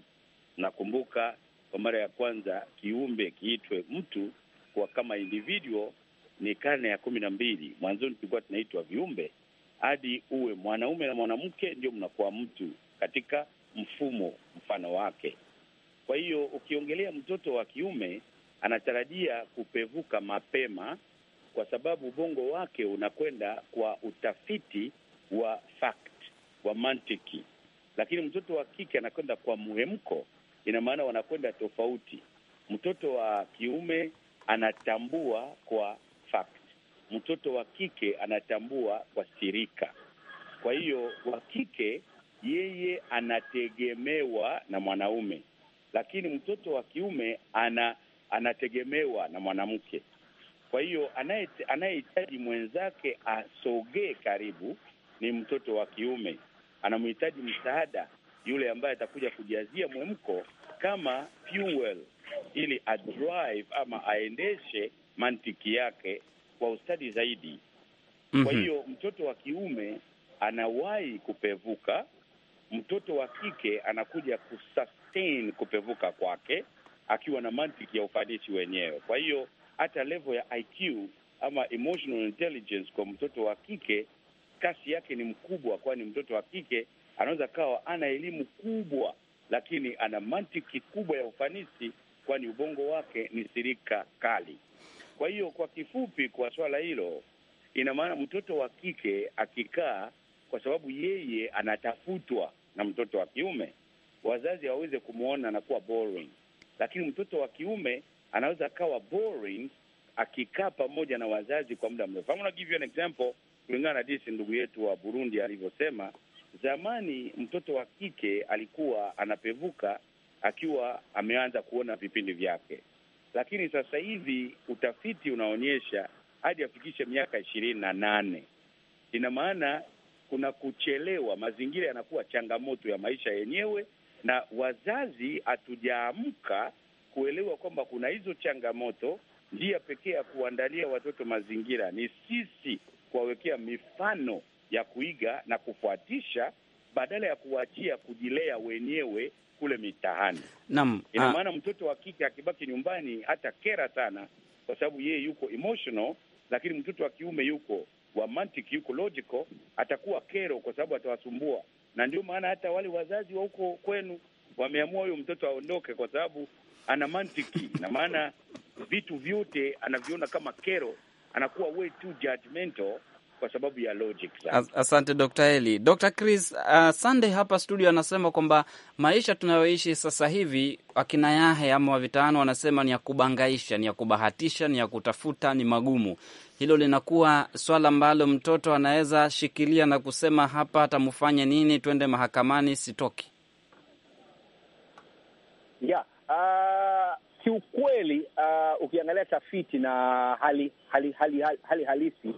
Nakumbuka kwa mara ya kwanza kiumbe kiitwe mtu kwa kama individual ni karne ya kumi na mbili. Mwanzoni tulikuwa tunaitwa viumbe, hadi uwe mwanaume na mwanamke, ndio mnakuwa mtu katika mfumo mfano wake. Kwa hiyo ukiongelea mtoto wa kiume anatarajia kupevuka mapema, kwa sababu ubongo wake unakwenda kwa utafiti wa fact, wa mantiki, lakini mtoto wa kike anakwenda kwa muhemko. Ina maana wanakwenda tofauti. Mtoto wa kiume anatambua kwa mtoto wa kike anatambua kwa sirika Kwa hiyo wa kike yeye anategemewa na mwanaume, lakini mtoto wa kiume ana anategemewa na mwanamke. Kwa hiyo anayehitaji mwenzake asogee karibu ni mtoto wa kiume, anamhitaji msaada yule ambaye atakuja kujazia mwemko kama fuel, ili adrive ama aendeshe mantiki yake kwa ustadi zaidi. mm -hmm. Kwa mhm. hiyo mtoto wa kiume anawahi kupevuka, mtoto wa kike anakuja kusustain kupevuka kwake akiwa na mantiki ya ufanisi wenyewe. Kwa hiyo hata level ya IQ ama emotional intelligence kwa mtoto wa kike kasi yake ni mkubwa, kwani mtoto wa kike anaweza kawa ana elimu kubwa, lakini ana mantiki kubwa ya ufanisi, kwani ubongo wake ni sirika kali. Kwa hiyo kwa kifupi, kwa swala hilo, ina maana mtoto wa kike akikaa, kwa sababu yeye anatafutwa na mtoto wa kiume, wazazi waweze kumwona anakuwa boring, lakini mtoto wa kiume anaweza akawa boring akikaa pamoja na wazazi kwa muda mrefu. I'm give you an example kulingana na jinsi ndugu yetu wa Burundi alivyosema. Zamani mtoto wa kike alikuwa anapevuka akiwa ameanza kuona vipindi vyake lakini sasa hivi utafiti unaonyesha hadi afikishe miaka ishirini na nane. Ina maana kuna kuchelewa, mazingira yanakuwa changamoto ya maisha yenyewe, na wazazi hatujaamka kuelewa kwamba kuna hizo changamoto. Njia pekee ya kuandalia watoto mazingira ni sisi kuwawekea mifano ya kuiga na kufuatisha, badala ya kuwachia kujilea wenyewe kule mitaani. Naam, ina ah. maana mtoto wa kike akibaki nyumbani hata kera sana, kwa sababu yeye yuko emotional, lakini mtoto wa kiume yuko wa mantiki, yuko logical, atakuwa kero kwa sababu atawasumbua. Na ndio maana hata wale wazazi wa huko kwenu wameamua huyo mtoto aondoke, kwa sababu ana mantiki na maana vitu vyote anaviona kama kero, anakuwa way too judgmental kwa sababu ya logic. Asante Dr. Eli. Dr. Chris uh, Sunday hapa studio anasema kwamba maisha tunayoishi sasa hivi akina Yahe ama wavitaano wanasema ni ya kubangaisha, ni ya kubahatisha, ni ya kutafuta, ni magumu. Hilo linakuwa swala ambalo mtoto anaweza shikilia na kusema hapa atamfanya nini, twende mahakamani, sitoki yeah. uh... Kiukweli uh, ukiangalia tafiti na hali hali, hali, hali, hali halisi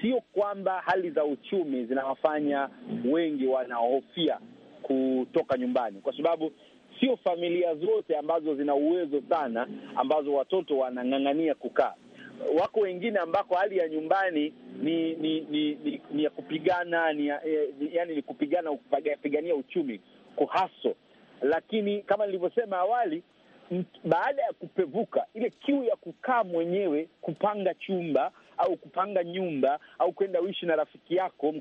sio kwamba hali za uchumi zinawafanya wengi wanahofia kutoka nyumbani, kwa sababu sio familia zote ambazo zina uwezo sana ambazo watoto wanang'ang'ania kukaa. Wako wengine ambako hali ya nyumbani ni ni ni, ni, ni ya kupigana ni ya, eh, yani ni kupigana pigania uchumi kuhaso, lakini kama nilivyosema awali baada ya kupevuka ile kiu ya kukaa mwenyewe kupanga chumba au kupanga nyumba au kwenda uishi na rafiki yako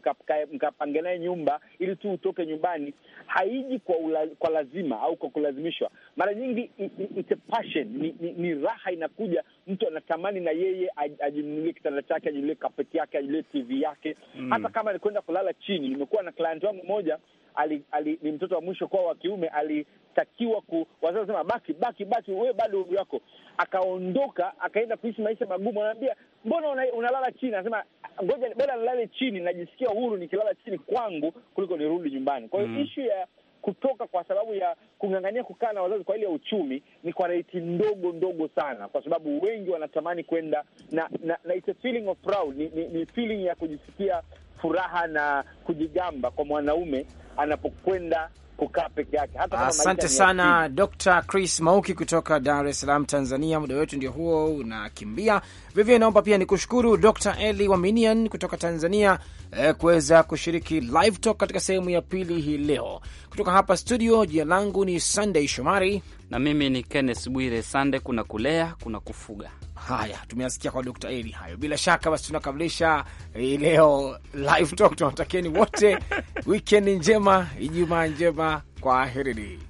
mkapanga naye nyumba ili tu utoke nyumbani, haiji kwa, ula, kwa lazima au kwa kulazimishwa, mara nyingi it's a passion, ni, ni, ni raha inakuja, mtu anatamani na yeye ajinunulie kitanda chake, ajinunulie kapeti yake, ajinunulie TV yake mm. hata kama alikwenda kulala chini. Nimekuwa na client wangu mmoja ali, ali, ni mtoto wa mwisho kwao wa kiume, alitakiwa ku wazazi wasema baki baki baki, wewe bado umri wako, akaondoka akaenda kuishi maisha magumu. Anaambia mbona unalala chini? Anasema ngoja bora nilale chini, najisikia huru nikilala chini kwangu kuliko nirudi nyumbani. Kwa hiyo mm. ishu ya kutoka kwa sababu ya kung'ang'ania kukaa na wazazi kwa ajili ya uchumi ni kwa reiti ndogo ndogo sana, kwa sababu wengi wanatamani kwenda na, na, na it's a feeling of proud, ni, ni, ni feeling ya kujisikia furaha na kujigamba kwa mwanaume anapokwenda kukaa peke yake. Hata asante sana Dr. Chris Mauki kutoka Dar es Salaam, Tanzania. Muda wetu ndio huo unakimbia vivyo. Naomba pia nikushukuru Dr. Eli Waminian kutoka Tanzania eh, kuweza kushiriki live talk katika sehemu ya pili hii leo kutoka hapa studio. Jina langu ni Sunday Shomari na mimi ni Kenneth Bwire. Sande, kuna kulea, kuna kufuga. Haya, tumeyasikia kwa Dr. Eli hayo. Bila shaka basi tunakamilisha eh, leo live talk, tunawatakieni wote wikendi njema, Ijumaa njema, kwa aherini